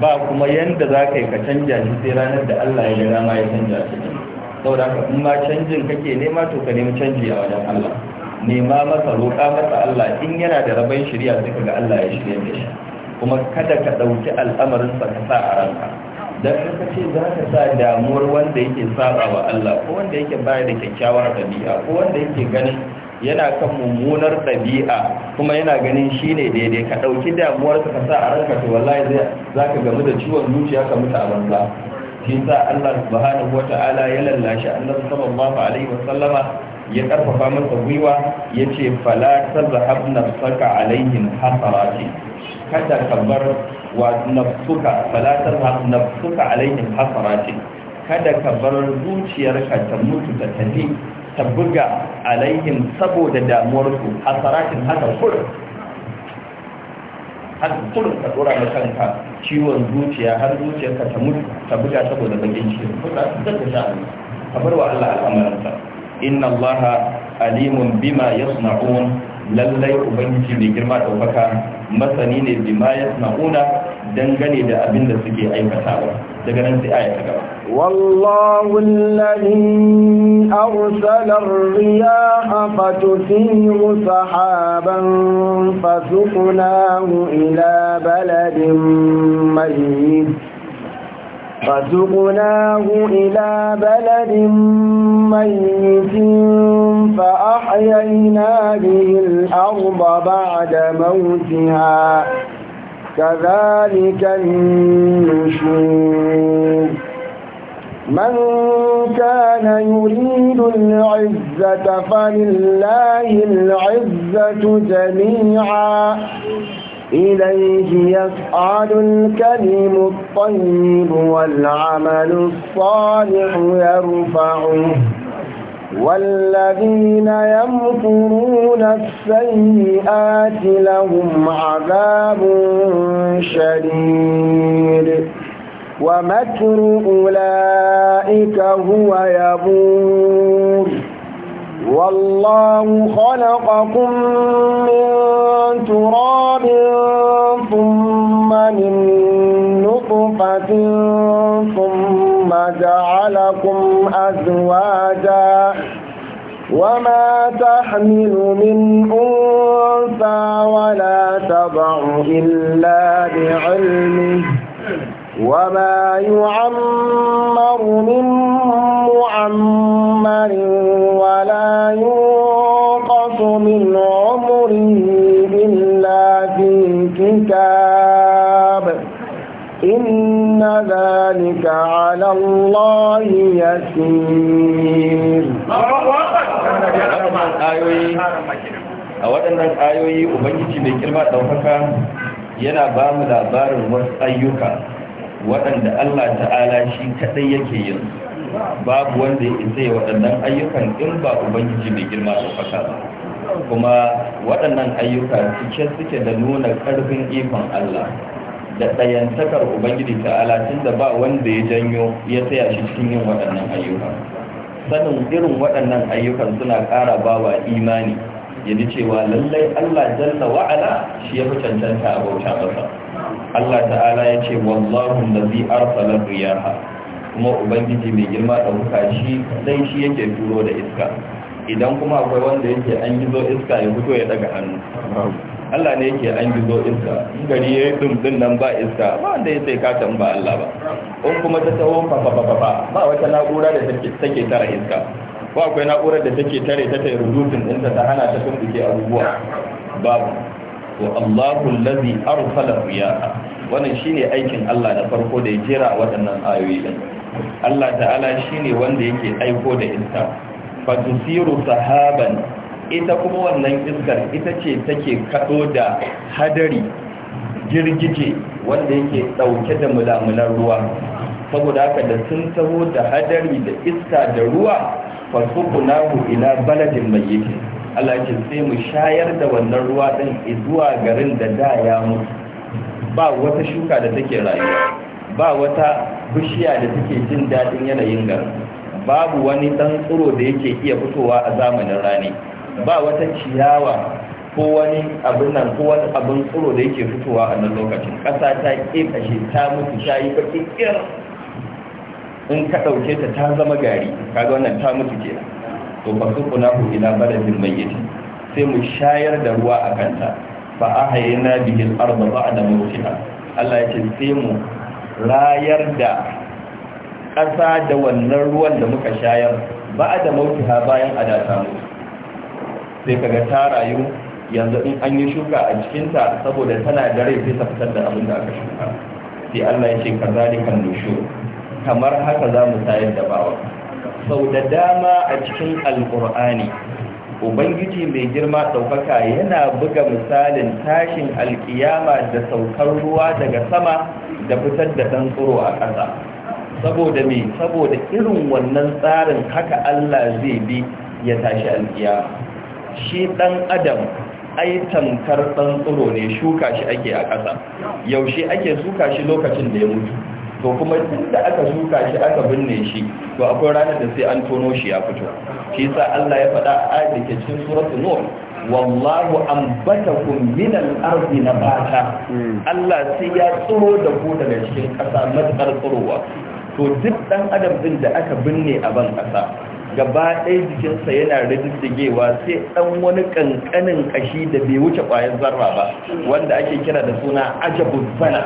ba kuma yanda za ka yi ka canja shi sai ranar da Allah ya gada ma ya canja shi saboda haka in ma canjin kake nema to ka nemi canji a wajen Allah nema masa roƙa masa Allah in yana da rabon shirya sai ga Allah ya shirya da shi kuma kada ka ɗauki al'amarin sa ka sa a ranka dan ka ce za ka sa damuwar wanda yake saba wa Allah ko wanda yake baya da kyakkyawar dabi'a ko wanda yake ganin yana kan mummunar dabi'a kuma yana ganin shi ne daidai ka dauki damuwar ka sa a ranka to wallahi za ka gamu da ciwon zuciya ka mutu a banza shi sa Allah subhanahu wata'ala ya lallashi Allah sallallahu alaihi wa ya karfafa masa gwiwa yace fala tazhabna saka alaihim hasarati kada ka bar wa nafsuka falatar nafsuka alaihim hasarati kada ka bar zuciyarka ta mutu ta tafi ta buga alaihim saboda damuwarsu hasaratin haka kurin har kurin ka dora da kanka ciwon zuciya har zuciyarka ta mutu ta buga saboda bakin ciki kurin zan ka sha ka bar wa Allah al'amuransa inna Allah alimun bima yasna'un lallai ubangiji mai girma ɗaukaka masani ne bi ma ya dangane da abin da suke aikatawa daga nan sai aya ta gaba wallahu alladhi arsala ar-riyaha fatuthiru sahaban fasuqnahu ila baladin mayyit فسقناه إلى بلد ميت فأحيينا به الأرض بعد موتها كذلك النشور من كان يريد العزة فلله العزة جميعا إليه يصعد الكلم الطيب والعمل الصالح يرفعه والذين يمكرون السيئات لهم عذاب شديد ومكر أولئك هو يبور والله خلقكم من تراب ثم من نطفة ثم جعلكم أزواجا وما تحمل من أنثى ولا تضع إلا بعلمه وما يعمر من معمر ولا ينقص من عمره إلا في كتاب إن ذلك على الله يسير a waɗannan ayoyi ubangiji mai girma ɗaukaka yana ba mu labarin wasu ayyuka waɗanda Allah ta'ala shi kaɗai yake yin babu wanda ya isa waɗannan ayyukan in ba ubangiji mai girma ɗaukaka ba kuma waɗannan ayyuka cike suke da nuna ƙarfin ikon Allah da ɗayantakar ubangiji ta'ala tun da ba wanda ya janyo ya tsaya shi cikin yin waɗannan ayyuka sanin irin waɗannan ayyukan suna ƙara bawa imani ya ji cewa lallai Allah jalla wa'ala shi ya fi cancanta a bauta masa Allah ta'ala ya ce wallahu allazi arsala riyaha kuma ubangiji mai girma ɗauka shi sai shi yake turo da iska idan kuma akwai wanda yake an gizo iska ya fito ya daga hannu Allah ne yake an gizo iska gari ya yi dumdum nan ba iska ba wanda ya sai katon ba Allah ba in kuma ta taho fa ba wata na'ura da take tara iska Ko akwai na'urar da take tare ta ta rubutun ɗinta ta hana ta tumbuke abubuwa babu wa Allahu allazi arsala riyaha wannan shine aikin Allah na farko da ya jira waɗannan ayoyi din Allah ta'ala shine wanda yake aiko da iska fatusiru sahaban ita kuma wannan iskar ita ce take kado da hadari girgije wanda yake ɗauke da mulamulan ruwa saboda haka da sun taho da hadari da iska da ruwa fasukunahu ila baladin yake. Allah sai mu shayar da wannan ruwa ɗin zuwa garin da da ya mutu ba wata shuka da take rayuwa ba wata bishiya da take jin daɗin yanayin garin babu wani ɗan tsoro da yake iya fitowa a zamanin rani ba wata ciyawa ko wani abin nan ko wani abin tsiro da yake fitowa a nan lokacin ƙasa ta ƙeƙashe ta mutu ta yi baƙi in ka ɗauke ta ta zama gari kaga wannan ta mutu kenan to ba su kuna ku ila baladin sai mu shayar da ruwa a kanta fa ahayna bihi al-ardh ba'da mawtiha Allah ya ce sai mu rayar da ƙasa da wannan ruwan da muka shayar ba'da mawtiha bayan adata mu sai kaga ta rayu yanzu in an yi shuka a cikin ta saboda tana da rai sai ta fitar da abin da aka shuka sai Allah ya ce kazalikan nushu kamar haka za mu tayar da bawa sau da dama a cikin alkur'ani ubangiji mai girma ɗaukaka yana buga misalin tashin alƙiyama da saukar ruwa daga sama da fitar da ɗan tsoro a ƙasa saboda mai saboda irin wannan tsarin haka allah zai bi ya tashi alkiyama shi ɗan adam ai tamkar ɗan tsoro ne shuka shi ake a ƙasa yaushe ake shuka shi lokacin da ya mutu to kuma tun da aka shuka shi aka binne shi to akwai ranar da sai an tono shi ya fito shi sa Allah ya faɗa a ayat da ke cikin suratul nur wallahu ambatakum min al-ardi nabata hmm. Allah sai ya tsiro da ku daga cikin ƙasa matsar tsirowa to duk dan adam din da aka binne a ban ƙasa gaba ɗaya jikinsa yana rididdigewa sai ɗan wani ƙanƙanin ƙashi da bai wuce ƙwayar zarra ba wanda ake kira da suna ajabun zana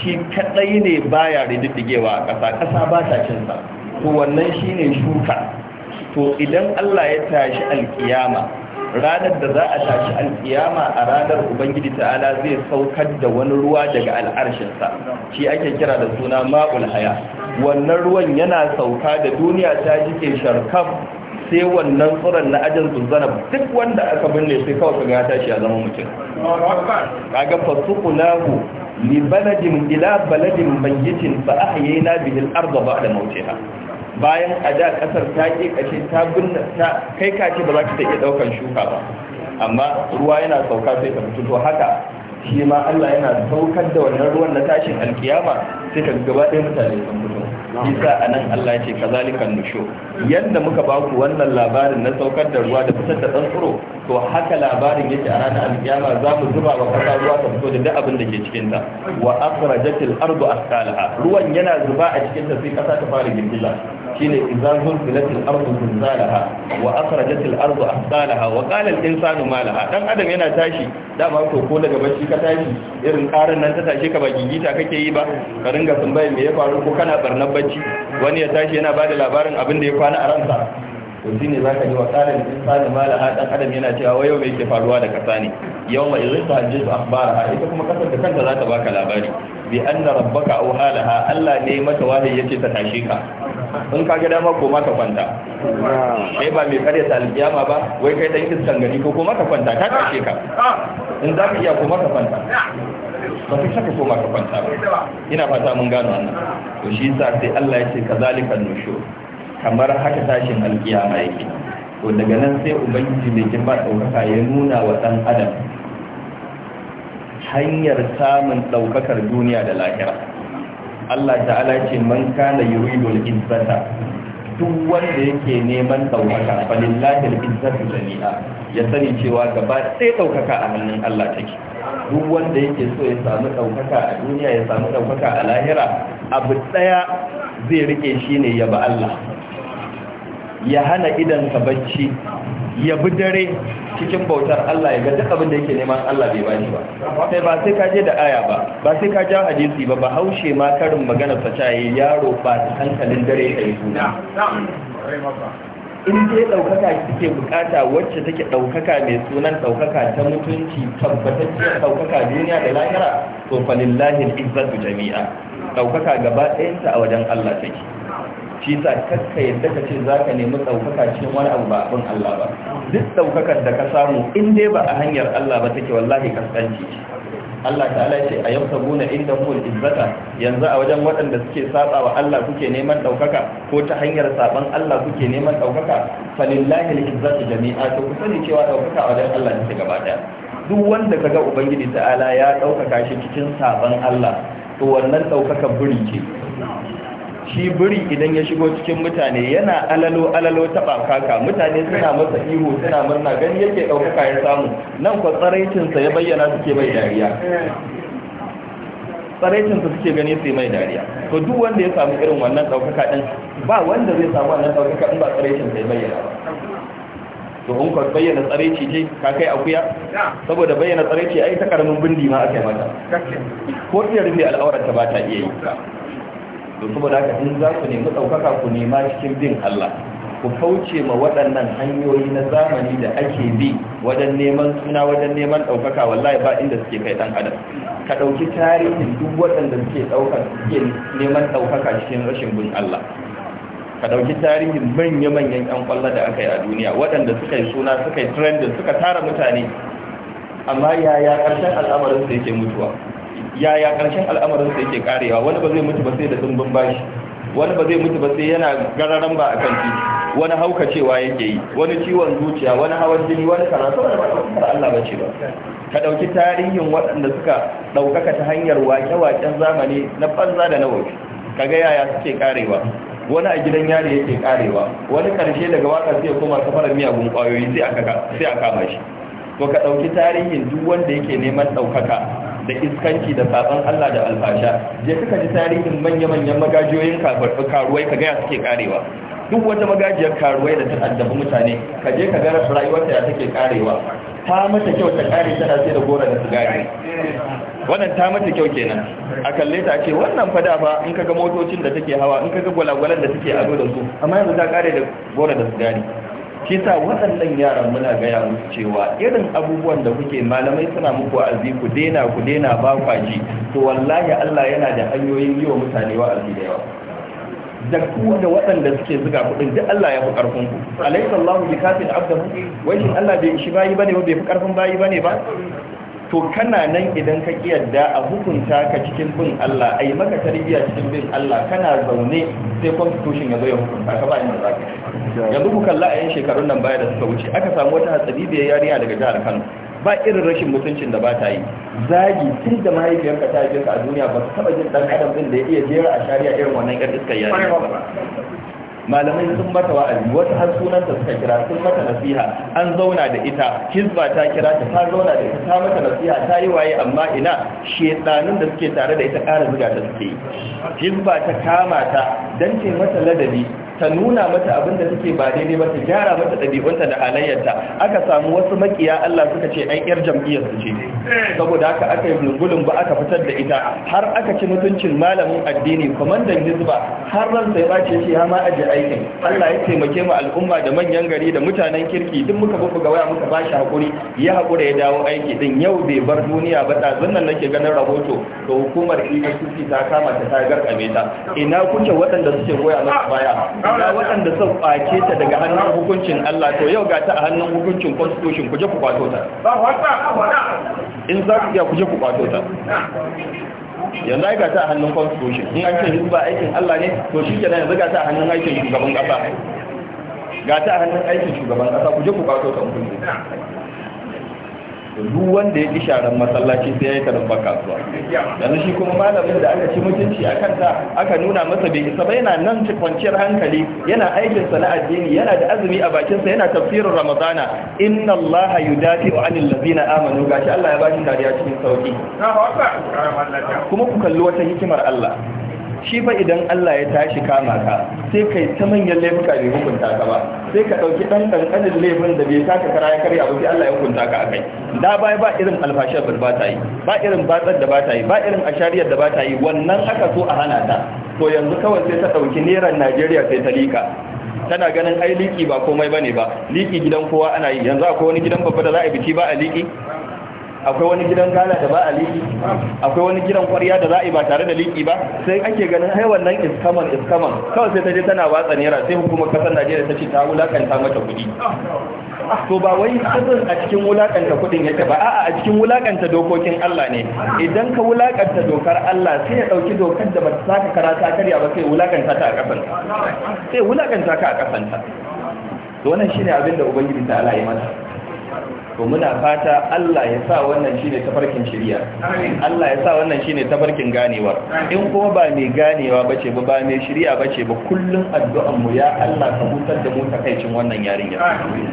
shi kadai ne baya rididdigewa a ƙasa ƙasa ba ta cinsa to wannan ne shuka to idan Allah ya tashi alƙiyama ranar da za a tashi alƙiyama a ranar ubangiji ta'ala zai saukar da wani ruwa daga al'arshinsa shi ake kira da suna ma'ul haya wannan ruwan yana sauka da duniya ta jike sharkam sai wannan tsoron na ajin zuzana duk wanda aka binne sai kawai ga tashi shi ya zama mutum kaga fasuku nahu li baladin ila baladin bayyitin fa ahyayna arba ba da ba'da mawtiha bayan a da kasar ta ke kashe ta binne ta kai kaki ba za ta iya daukan shuka ba amma ruwa yana sauka sai ta fito to haka shi ma Allah yana saukar da wannan ruwan na tashin alkiyama sai ta gaba ɗaya mutane sun mutu. isa anan Allah yake kazalikan nushu yadda muka ba ku wannan labarin na saukar da ruwa da fitar da tsantsuro to haka labarin yake a ranar alkiyama za mu zuba wa kasa ruwa ta fito da duk abin da ke cikinta. wa Afrajatil ardu asqalaha ruwan yana zuba a cikinta sai kasa ta fara girgiza shine idza zulzilatil ardu zilzalaha wa akhrajatil ardu ahsalaha wa qala al insanu ma laha dan adam yana tashi dama ko ko daga bacci ka tashi irin karan nan ta tashi ka ba gigita kake yi ba ka ringa tambaye me ya faru ko kana barnar bacci wani ya tashi yana bada labarin abin da ya kwana a ransa to shine zaka ji wa qala al insanu ma laha dan adam yana cewa wai yau me yake faruwa da kasa ne yawma idza tahajjatu akhbaraha ita kuma kasar da kanta za ta baka labari bi anna rabbaka auhalaha Allah ne mata wahayi yace ta tashi ka in ka ga dama koma ka kwanta Sai ba mai kare ta alkiyama ba wai kai dan iskan gani ko koma ka kwanta ta kashe ka in za ka iya koma ka kwanta ba ka shaka koma ka kwanta ba ina fata mun gano wannan to shi yasa sai Allah ya ce kazalikan nushu kamar haka tashin alkiyama yake to daga nan sai ubangiji mai kimba ɗaukaka ya nuna wa ɗan adam hanyar samun ɗaukakar duniya da lahira Allah ta'ala ce man kana yuridu al-izzata duk wanda yake neman daukaka falillahi al-izzatu jami'a ya sani cewa gaba sai daukaka a hannun Allah take duk wanda yake so ya samu daukaka a duniya ya samu daukaka a lahira abu daya zai rike shine yaba Allah ya hana idan ka bacci ya bi dare cikin bautar Allah ya ga duk abin da yake neman Allah bai bani ba sai ba sai ka je da aya ba ba sai ka ja hadisi ba ba haushe ma karin magana ta yaro ba ta hankalin dare ta yi suna in dai daukaka kike bukata wacce take ɗaukaka mai sunan ɗaukaka ta mutunci tabbatacciyar ɗaukaka duniya da lahira to falillahi izzatu jami'a ɗaukaka gaba ɗayanta a wajen Allah take shi kakka yadda ka ce za ka nemi ɗaukaka cikin wani abu ba abin Allah ba duk ɗaukakar da ka samu in dai ba a hanyar Allah ba take wallahi kaskanci Allah ta'ala ya ce a yau sabuna inda mu izzata yanzu a wajen waɗanda suke saba wa Allah kuke neman ɗaukaka ko ta hanyar saban Allah kuke neman ɗaukaka falillahi al-izzatu jami'a to ku sani cewa ɗaukaka a wajen Allah ne gaba ɗaya duk wanda kaga ubangiji ta'ala ya ɗaukaka shi cikin saban Allah to wannan ɗaukaka buri ce shi biri idan ya shigo cikin mutane yana alalo alalo taba kaka mutane suna masa ihu suna murna gani yake ɗaukaka ya samu nan kwa sa ya bayyana suke bai dariya sa suke gani sai mai dariya to duk wanda ya samu irin wannan ɗaukaka ɗin ba wanda zai samu wannan ɗaukaka in ba sa ya bayyana ba to in kwa bayyana tsaraici ce ka kai akuya saboda bayyana tsaraici ai ta karamin bindi ma aka yi mata ko iya rufe al'aurar ta ba ta iya yi to saboda haka in za ku nemi ɗaukaka ku nema cikin bin Allah ku kauce ma waɗannan hanyoyi na zamani da ake bi wajen neman suna wajen neman ɗaukaka wallahi ba inda suke kai ɗan adam ka ɗauki tarihin duk waɗanda suke ɗaukar suke neman ɗaukaka cikin rashin bin Allah ka ɗauki tarihin manya-manyan ƴan ƙwallo da aka yi a duniya waɗanda suka yi suna suka yi trendin suka tara mutane amma yaya ƙarshen al'amarin su yake mutuwa yaya ƙarshen al'amarinsa yake karewa wani ba zai mutu ba sai da dimbin bashi wani ba zai mutu ba sai yana gararan ba a kan titi wani haukacewa yake yi wani ciwon zuciya wani hawan jini wani karatu wani ba ɗaukar Allah ba ce ba ka ɗauki tarihin waɗanda suka ɗaukaka ta hanyar wake-waken zamani na banza da na waje ka ga yaya suke karewa wani a gidan yari yake karewa wani ƙarshe daga waka sai ya koma safarar miyagun ƙwayoyi sai a kama shi to ka ɗauki tarihin duk wanda yake neman daukaka da iskanci da sabon Allah da albasha. je suka ji tarihin manya-manyan magajiyoyin kafarfi karuwai ka gaya suke karewa duk wata magajiyar karuwai da ta addabi mutane ka je ka gara rayuwarta ya take karewa ta mata kyau ta kare tana sai da gora da sigari wannan ta mata kyau kenan a kalle ta ce wannan fa da fa in kaga motocin da take hawa in kaga gwalagwalan da take ado da su amma yanzu ta kare da gora da sigari shi waɗannan yaran muna gaya musu cewa irin abubuwan da kuke malamai suna muku wa'azi ku daina ku dena ba kwaji to wallahi Allah yana da hanyoyin yi wa mutane wa'azi da yawa da ku da waɗanda suke zuga kuɗin duk Allah ya fi ƙarfin ku alaihi Allahu bi kafin abdahu shin Allah bai shi bayi bane ba bai fi ƙarfin bayi bane ba to kana nan idan ka kiyarda a hukunta ka cikin bin Allah ai maka tarbiya cikin bin Allah kana zaune sai constitution ya zo ya hukunta ka ba da za ka yanzu ku kalla a yan shekarun nan baya da suka wuce aka samu wata da yariya daga jihar Kano ba irin rashin mutuncin da ba ta yi zagi tun da mahaifiyarka ta yi ka a duniya ba su taba jin dan adam din da ya iya jera a shari'a irin wannan yar iska yarinya ba malamai sun mata wa'azi wata har sunanta suka kira sun mata nasiha an zauna da ita hizba ta kira ta ta zauna da ita ta mata nasiha ta yi waye amma ina shedanin da suke tare da ita kara zuga ta suke yi hizba ta kama ta dan ce mata ladabi ta nuna mata abin da take ba daidai ba ta gyara mata ɗabi'unta da halayyarta aka samu wasu makiya Allah suka ce ai yar jam'iyyar su ce saboda haka aka yi bulbulin ba aka fitar da ita har aka ci mutuncin malamin addini kwamandan hizba har ran sai ba ce shi ya ma aje aikin Allah ya taimake mu al'umma da manyan gari da mutanen kirki duk muka ga waya muka ba shi hakuri ya hakura ya dawo aiki din yau bai bar duniya ba ta zannan nake ganin rahoto to hukumar EFCC ta kama ta ta garkame ta ina kuke waɗanda suke goya masa baya ina waɗanda sun kwace ta daga hannun hukuncin Allah to yau ga ta a hannun hukuncin constitution ku je ku kwato ta in za ku iya kuje ku kwato ta yanzu aika ta a hannun constitution in an ce ba aikin Allah ne to shi kenan yanzu ga ta a hannun aikin shugaban kasa ga ta hannun aikin shugaban kasa ku je ku kwato ta mutum duk wanda ya ƙi sharan masallaci sai ya yi karin baka yanzu shi kuma malamin da aka ci mutunci a kanta aka nuna masa bai isa ba yana nan kwanciyar hankali yana aikin sa na addini yana da azumi a bakinsa yana tafsirin ramadana inna allaha yudafi'u anil ladina amanu gashi Allah ya bashi dariya cikin sauki kuma ku kalli wata hikimar Allah shi ba idan Allah ya tashi kama ka sai kai ta manyan laifuka bai hukunta ka ba sai ka ɗauki ɗan ƙanƙanin laifin da bai taka kara ya karya ba sai Allah ya hukunta ka akai da baya ba irin alfashar ba ta yi ba irin batsar da ba ta yi ba irin ashariyar da ba ta yi wannan aka so a hana ta to yanzu kawai sai ta ɗauki neran Najeriya sai ta lika tana ganin ai liƙi ba komai bane ba liki gidan kowa ana yi yanzu akwai wani gidan babba da za a biki ba a liki akwai wani gidan gala da ba a liki akwai wani gidan kwarya da za a yi ba tare da liki ba sai ake ganin hai wannan iskaman iskaman kawai sai ta je tana watsa naira sai hukumar kasar najeriya ta ce ta wulakanta mata kuɗi to ba wai sirrin a cikin wulakanta kuɗin yake ba a'a a cikin wulakanta dokokin Allah ne idan ka wulakanta dokar Allah sai ya dauki dokar da ba ta saka karata karya ba sai wulakanta ta a kasanta sai wulakanta ka a kasanta to wannan shine abin da ubangiji ta Allah mata to muna fata Allah ya sa wannan shine tafarkin shiriya Allah ya sa wannan shine tafarkin ganewa in kuma ba mai ganewa bace ba ba mai shiriya bace ba kullun addu'an mu ya Allah ka hutar da mu takaicin wannan yarinya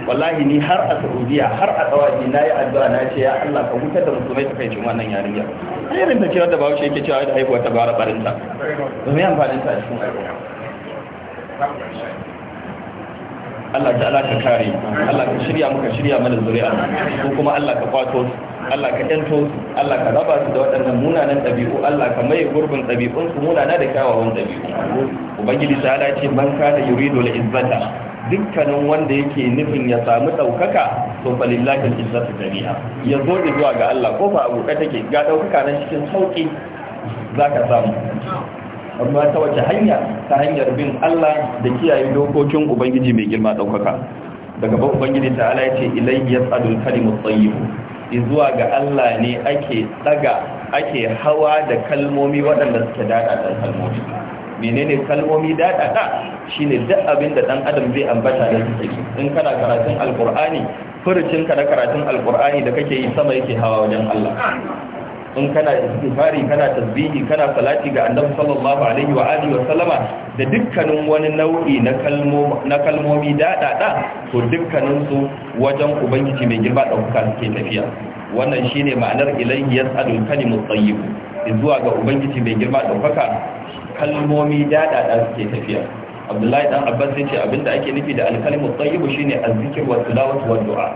wallahi ni har a Saudiya har a tsawaji nayi addu'a na ce ya Allah ka hutar da mu musulmai takaicin wannan yarinya rin da ce da bawo shi yake cewa da haihuwa ta bara barinta to me amfanin ta cikin aiwa Allah ta'ala ka kare Allah ka shirya muka shirya mana zuri'a ko kuma Allah ka kwato Allah ka yanto Allah ka raba su da waɗannan munanan ɗabi'u Allah ka maye gurbin ɗabi'un su munana da kyawawan ɗabi'u ubangiji ta ala ce man kana yuridu la izzata dukkanin wanda yake nufin ya samu ɗaukaka to fa lillahi al-izzatu jami'a ya zo zuwa ga Allah ko fa abu take ga ɗaukaka nan cikin sauki zaka samu amma ta wace hanya ta hanyar bin Allah da kiyaye dokokin ubangiji mai girma daukaka daga ban ubangiji ta Allah yace ilayhi yasadul kalimut tayyib zuwa ga Allah ne ake daga ake hawa da kalmomi waɗanda suke dada da kalmomi menene kalmomi dada da shine duk abin da dan adam zai ambata da take in kana karatun alqur'ani furucin ka da karatun alqur'ani da kake yi sama yake hawa wajen Allah in kana istighfari kana tasbihi kana salati ga annabi sallallahu alaihi wa alihi wa sallama da dukkanin wani nau'i na kalmo na kalmomi dadada to dukkanin su wajen ubangiji mai girma dauka ke tafiya wannan shine ma'anar ilahi yas'alul kalimu tayyib zuwa ga ubangiji mai girma daukaka kalmomi dadada suke tafiya abdullahi dan abbas yace abinda ake nufi da alkalimu tayyib shine azzikr wa tilawatu wa du'a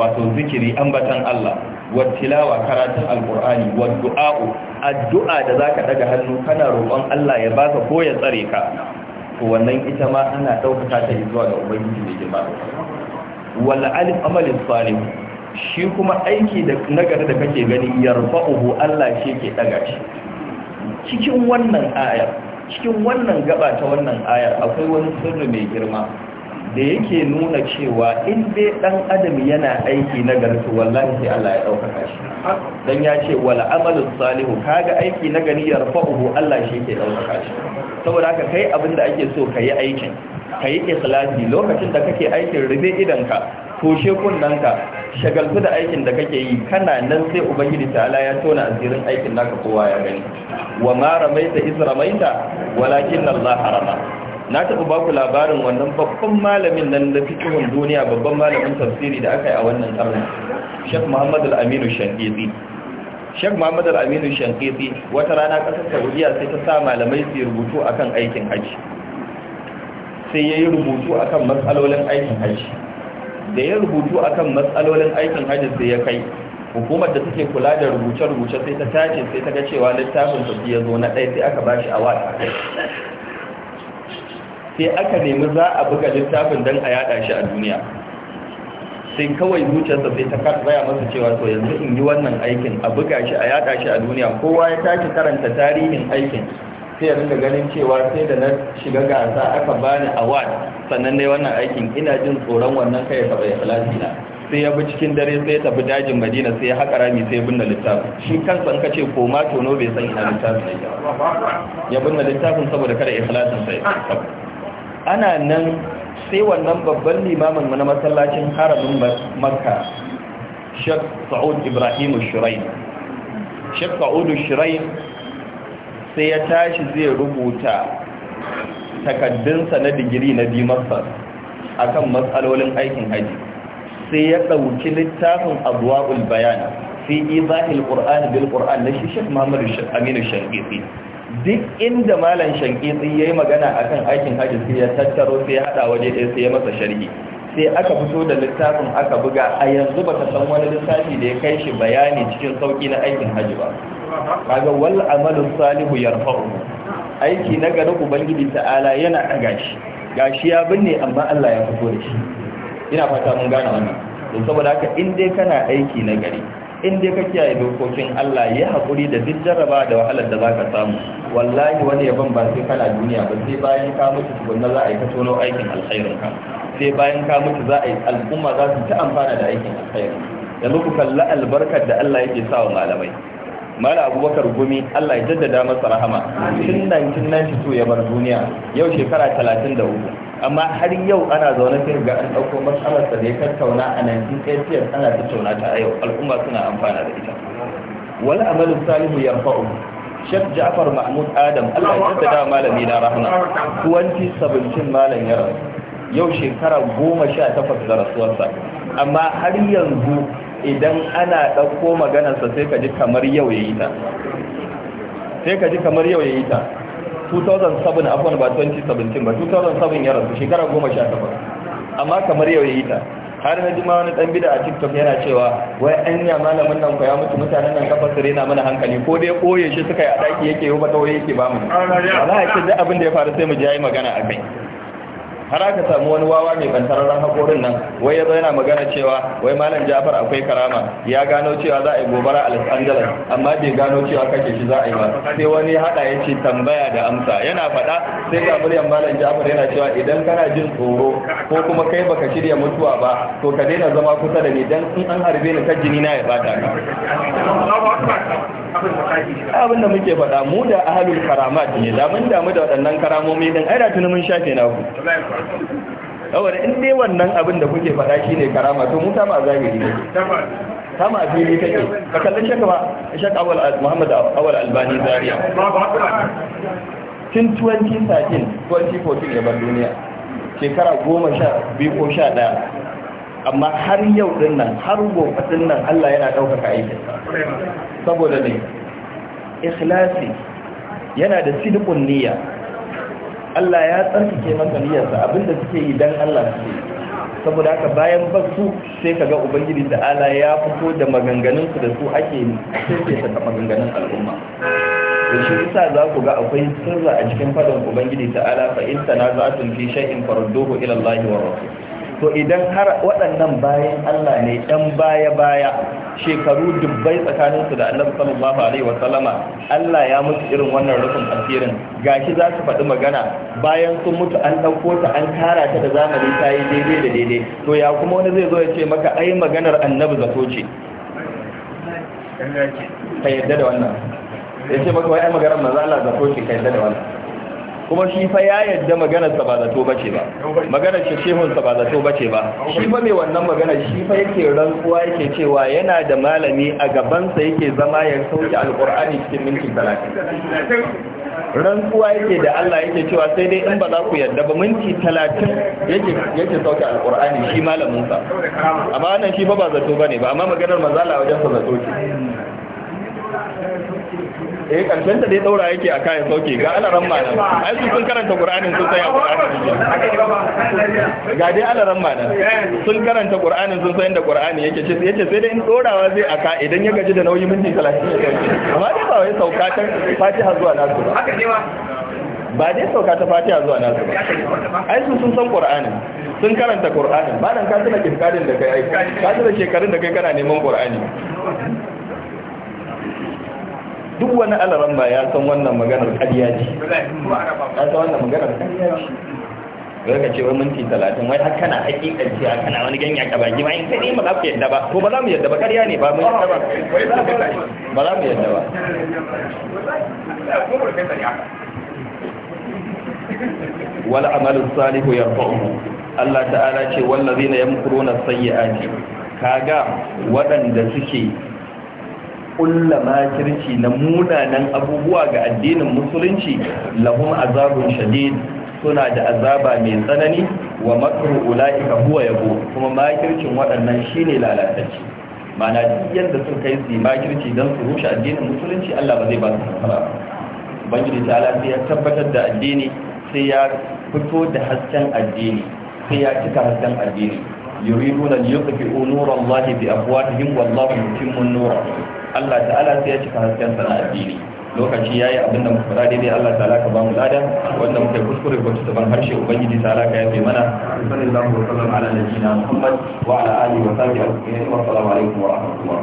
wato zikiri ambatan Allah wattilawa karatun alkur'ani waddu'a'u addu'a da zaka daga hannu kana roƙon Allah ya baka ko ya tsare ka to wannan ita ma ana ɗaukaka ta zuwa ga ubangiji mai ba. wal alif amalin salim shi kuma aiki da nagari da kake gani yarfa'uhu Allah shi ke daga shi cikin wannan ayar cikin wannan gaba ta wannan ayar akwai wani sirri mai girma da yake nuna cewa in be dan adam yana aiki na gari to wallahi sai Allah ya dauka shi dan ya ce wal amalu salihu kaga aiki na gari rafa'uhu Allah shi ke dauka shi saboda haka kai abin da ake so kai aikin kai ikhlasi lokacin da kake aikin rube idanka toshe kunnen-ka. shagaltu da aikin da kake yi kana nan sai ubangiji ta'ala ya tona asirin aikin naka kowa ya gani wa ma ramaita iz ramaita walakin Allah harama na taɓa ba ku labarin wannan babban malamin nan da fikihun duniya babban malamin tafsiri da aka yi a wannan karni shek muhammad al-aminu shankiti shek muhammad al-aminu shankiti wata rana ƙasar saudiya sai ta sa malamai su yi rubutu akan aikin hajji sai ya yi rubutu akan matsalolin aikin hajji da ya rubutu akan matsalolin aikin hajji sai ya kai hukumar da take kula da rubuce-rubuce sai ta tace sai ta ga cewa littafin tafiya zo na ɗaya sai aka ba shi a wata sai aka nemi za a buga littafin don a yada shi a duniya sai kawai zuciyarsa sai ta karɓaya masa cewa to yanzu in yi wannan aikin a buga shi a yada shi a duniya kowa ya tashi karanta tarihin aikin sai da ganin cewa sai da na shiga gasa aka bani award sannan dai wannan aikin ina jin tsoron wannan kai ya taɓa na sai ya bi cikin dare sai ya tafi dajin madina sai ya haƙa rami sai ya binne littafin shi kansa ka ce ko ma tono bai san ina littafin ya binne littafin saboda kada ikhlasin sai ana nan sai wannan babban limamin na masallacin harabin makka shek sa'ud ibrahim shirai shek sa'ud shirain sai ya tashi zai rubuta takaddunsa na digiri na a akan matsalolin aikin haji sai ya ɗauki littafin abuwa bayan fi izahil ƙur'an bil ƙur'an na shi shek muhammadu aminu shaƙiƙi duk inda malam shankitsi ya yi magana a kan aikin hajji sai ya tattaro sai ya haɗa waje ɗaya sai ya masa sharhi sai aka fito da littafin aka buga a yanzu ba ta san wani littafi da ya kai shi bayani cikin sauƙi na aikin hajji ba kaga wal amalu salihu yarfa'u aiki na gari ubangiji ta'ala yana a gashi gashi ya binne amma Allah ya fito da shi ina fata mun gane wannan don saboda haka in dai kana aiki na gari in dai ka kiyaye dokokin Allah ya haƙuri da duk jarraba da wahalar da za ka samu wallahi wani yaban ba sai kana duniya ba sai bayan ka mutu tukunna za a yi ka tono aikin alkhairin ka sai bayan ka mutu za a yi al'umma za su ta amfana da aikin alkhairin da muku kalla albarkar da Allah yake sa wa malamai mala abubakar gumi Allah ya jaddada masa rahama tun 1992 ya bar duniya yau shekara uku. amma har yau ana zaune sai ga an ɗauko matsalar da ya tattauna a nan in kai ana ana tattauna ta a yau al'umma suna amfana da ita wal amalu salihu yanfa'u Sheikh Ja'far Mahmud Adam Allah ya da malami na rahma 2017 malam ya yau shekara 18 da rasuwarsa amma har yanzu idan ana ɗauko maganarsa sai ka ji kamar yau ya yi ta sai ka ji kamar yau ya yi ta 2007 afwan ba 2017 ba 2007 ya rasu shekara goma sha 18 amma kamar yau ya yi ta har na jima wani dan bida a tiktok yana cewa wai an ya malamin nan kwaya mutu mutanen nan kafa su rena mana hankali ko dai koye shi suka yi a daki yake yi ba waye yake ba mu wallahi kin da abin da ya faru sai mu ji yayi magana a kai har aka samu wani wawa mai bantararren hakorin nan wai ya yana magana cewa wai malam jafar akwai karama ya gano cewa za a yi gobara a los angeles amma bai gano cewa kake shi za a yi ba sai wani haɗa ya ce tambaya da amsa yana faɗa sai ga muryan malam jafar yana cewa idan kana jin tsoro ko kuma kai baka shirya mutuwa ba to ka daina zama kusa da ni dan in an harbe ni kan jini na ya bata ka abin da muke faɗa mu da ahalul karamat ne da mun damu da waɗannan karamomi din ai da tuni mun shafe na ku saboda in dai wannan abin da kuke faɗa shine karama to mu ta ma zahiri ne ma fili take ka kallon shaka ba shak awal muhammad awal albani zaria tun 2013 2014 ya bar duniya shekara goma sha biyu ko sha ɗaya amma har yau din nan har gobe din nan Allah yana ɗaukaka aikin saboda ne ikhlasi yana da sidqun niyya Allah ya tsarkake maka niyyarsa abinda suke yi dan Allah suke saboda haka bayan baksu sai kaga ubangiji da ala ya fito da maganganun su da su ake sai ta maganganun al'umma da shi yasa za ku ga akwai sirra a cikin fadan ubangiji ta ala fa in tanaza'atun fi shay'in farudduhu ila Allah wa rasul to idan har waɗannan bayan Allah ne ɗan baya-baya shekaru dubbai tsakaninsu da Allah sallallahu alaihi wa sallama Allah ya mutu irin wannan rufin asirin gashi za su faɗi magana bayan sun mutu an ɗauko ta an kara ta da zamani ta yi daidai da daidai to ya kuma wani zai zo ya ce maka ai maganar annabi zato ce ka yarda da wannan ya ce maka wai ai maganar manzo Allah zato ce ka yarda da wannan kuma shi fa ya yadda maganar sa ba zato bace ba maganar shi shehun sa ba zato bace ba shi fa mai wannan magana shi fa yake rantsuwa yake cewa yana da malami a gaban sa yake zama ya sauke alqur'ani cikin minti 30 rantsuwa yake da Allah yake cewa sai dai in ba za ku yadda ba minti 30 yake yake sauke alqur'ani shi malamin sa amma wannan shi fa ba zato bane ba amma maganar manzala wajen sa zato ce eh karshen ta dai daura yake aka ya sauke ga alaran mana ai su sun karanta qur'anin sun sai a qur'ani ga dai alaran mana sun karanta qur'anin sun sai da qur'ani yake ce yace sai dai in dorawa zai aka idan ya gaji da nauyi minti 30 ya sauke amma dai ba wai sauka ta fatiha zuwa nasu ba ba dai sauka ta fatiha zuwa nasu ba ai su sun san qur'anin sun karanta qur'anin ba dan ka tuna kirkarin da kai ai ka tuna shekarun da kai kana neman qur'ani duk wani alaran ba ya san wannan maganar ƙarya ce ya san wannan maganar ƙarya ce ka ce wai minti talatin wai haka na hakikar ce kana wani ganya ka baki ma in sai ne ba za ku yadda ba ko ba za mu yadda ba ƙarya ne ba mu yadda ba ba za mu yadda ba wal amalu salihu yarfa'uhu Allah ta'ala ce wallazina yamkuruna sayyi'ati kaga waɗanda suke kulla makirci na munanan abubuwa ga addinin musulunci lahum azabun shadid suna da azaba mai tsanani wa makru ula'ika huwa yabo kuma makircin waɗannan shine lalatacce, mana duk yadda sun kai su makirci don su rushe addinin musulunci Allah ba zai ba su nasara ubangiji ta ala ya tabbatar da addini sai ya fito da hasken addini sai ya cika hasken addini yuriduna liyutfi'u nura Allah bi afwahihim wallahu yutimmu nura Allah ta'ala sai ya cika hasken sana addini lokaci yayi abin da muka fara daidai Allah ta'ala ka ba mu lada wanda muka kuskure ko tsaban harshe ubangiji ta'ala ka yafe mana sallallahu alaihi wa sallam ala nabiyina muhammad wa ala alihi wa sahbihi wa sallam alaikum wa rahmatullah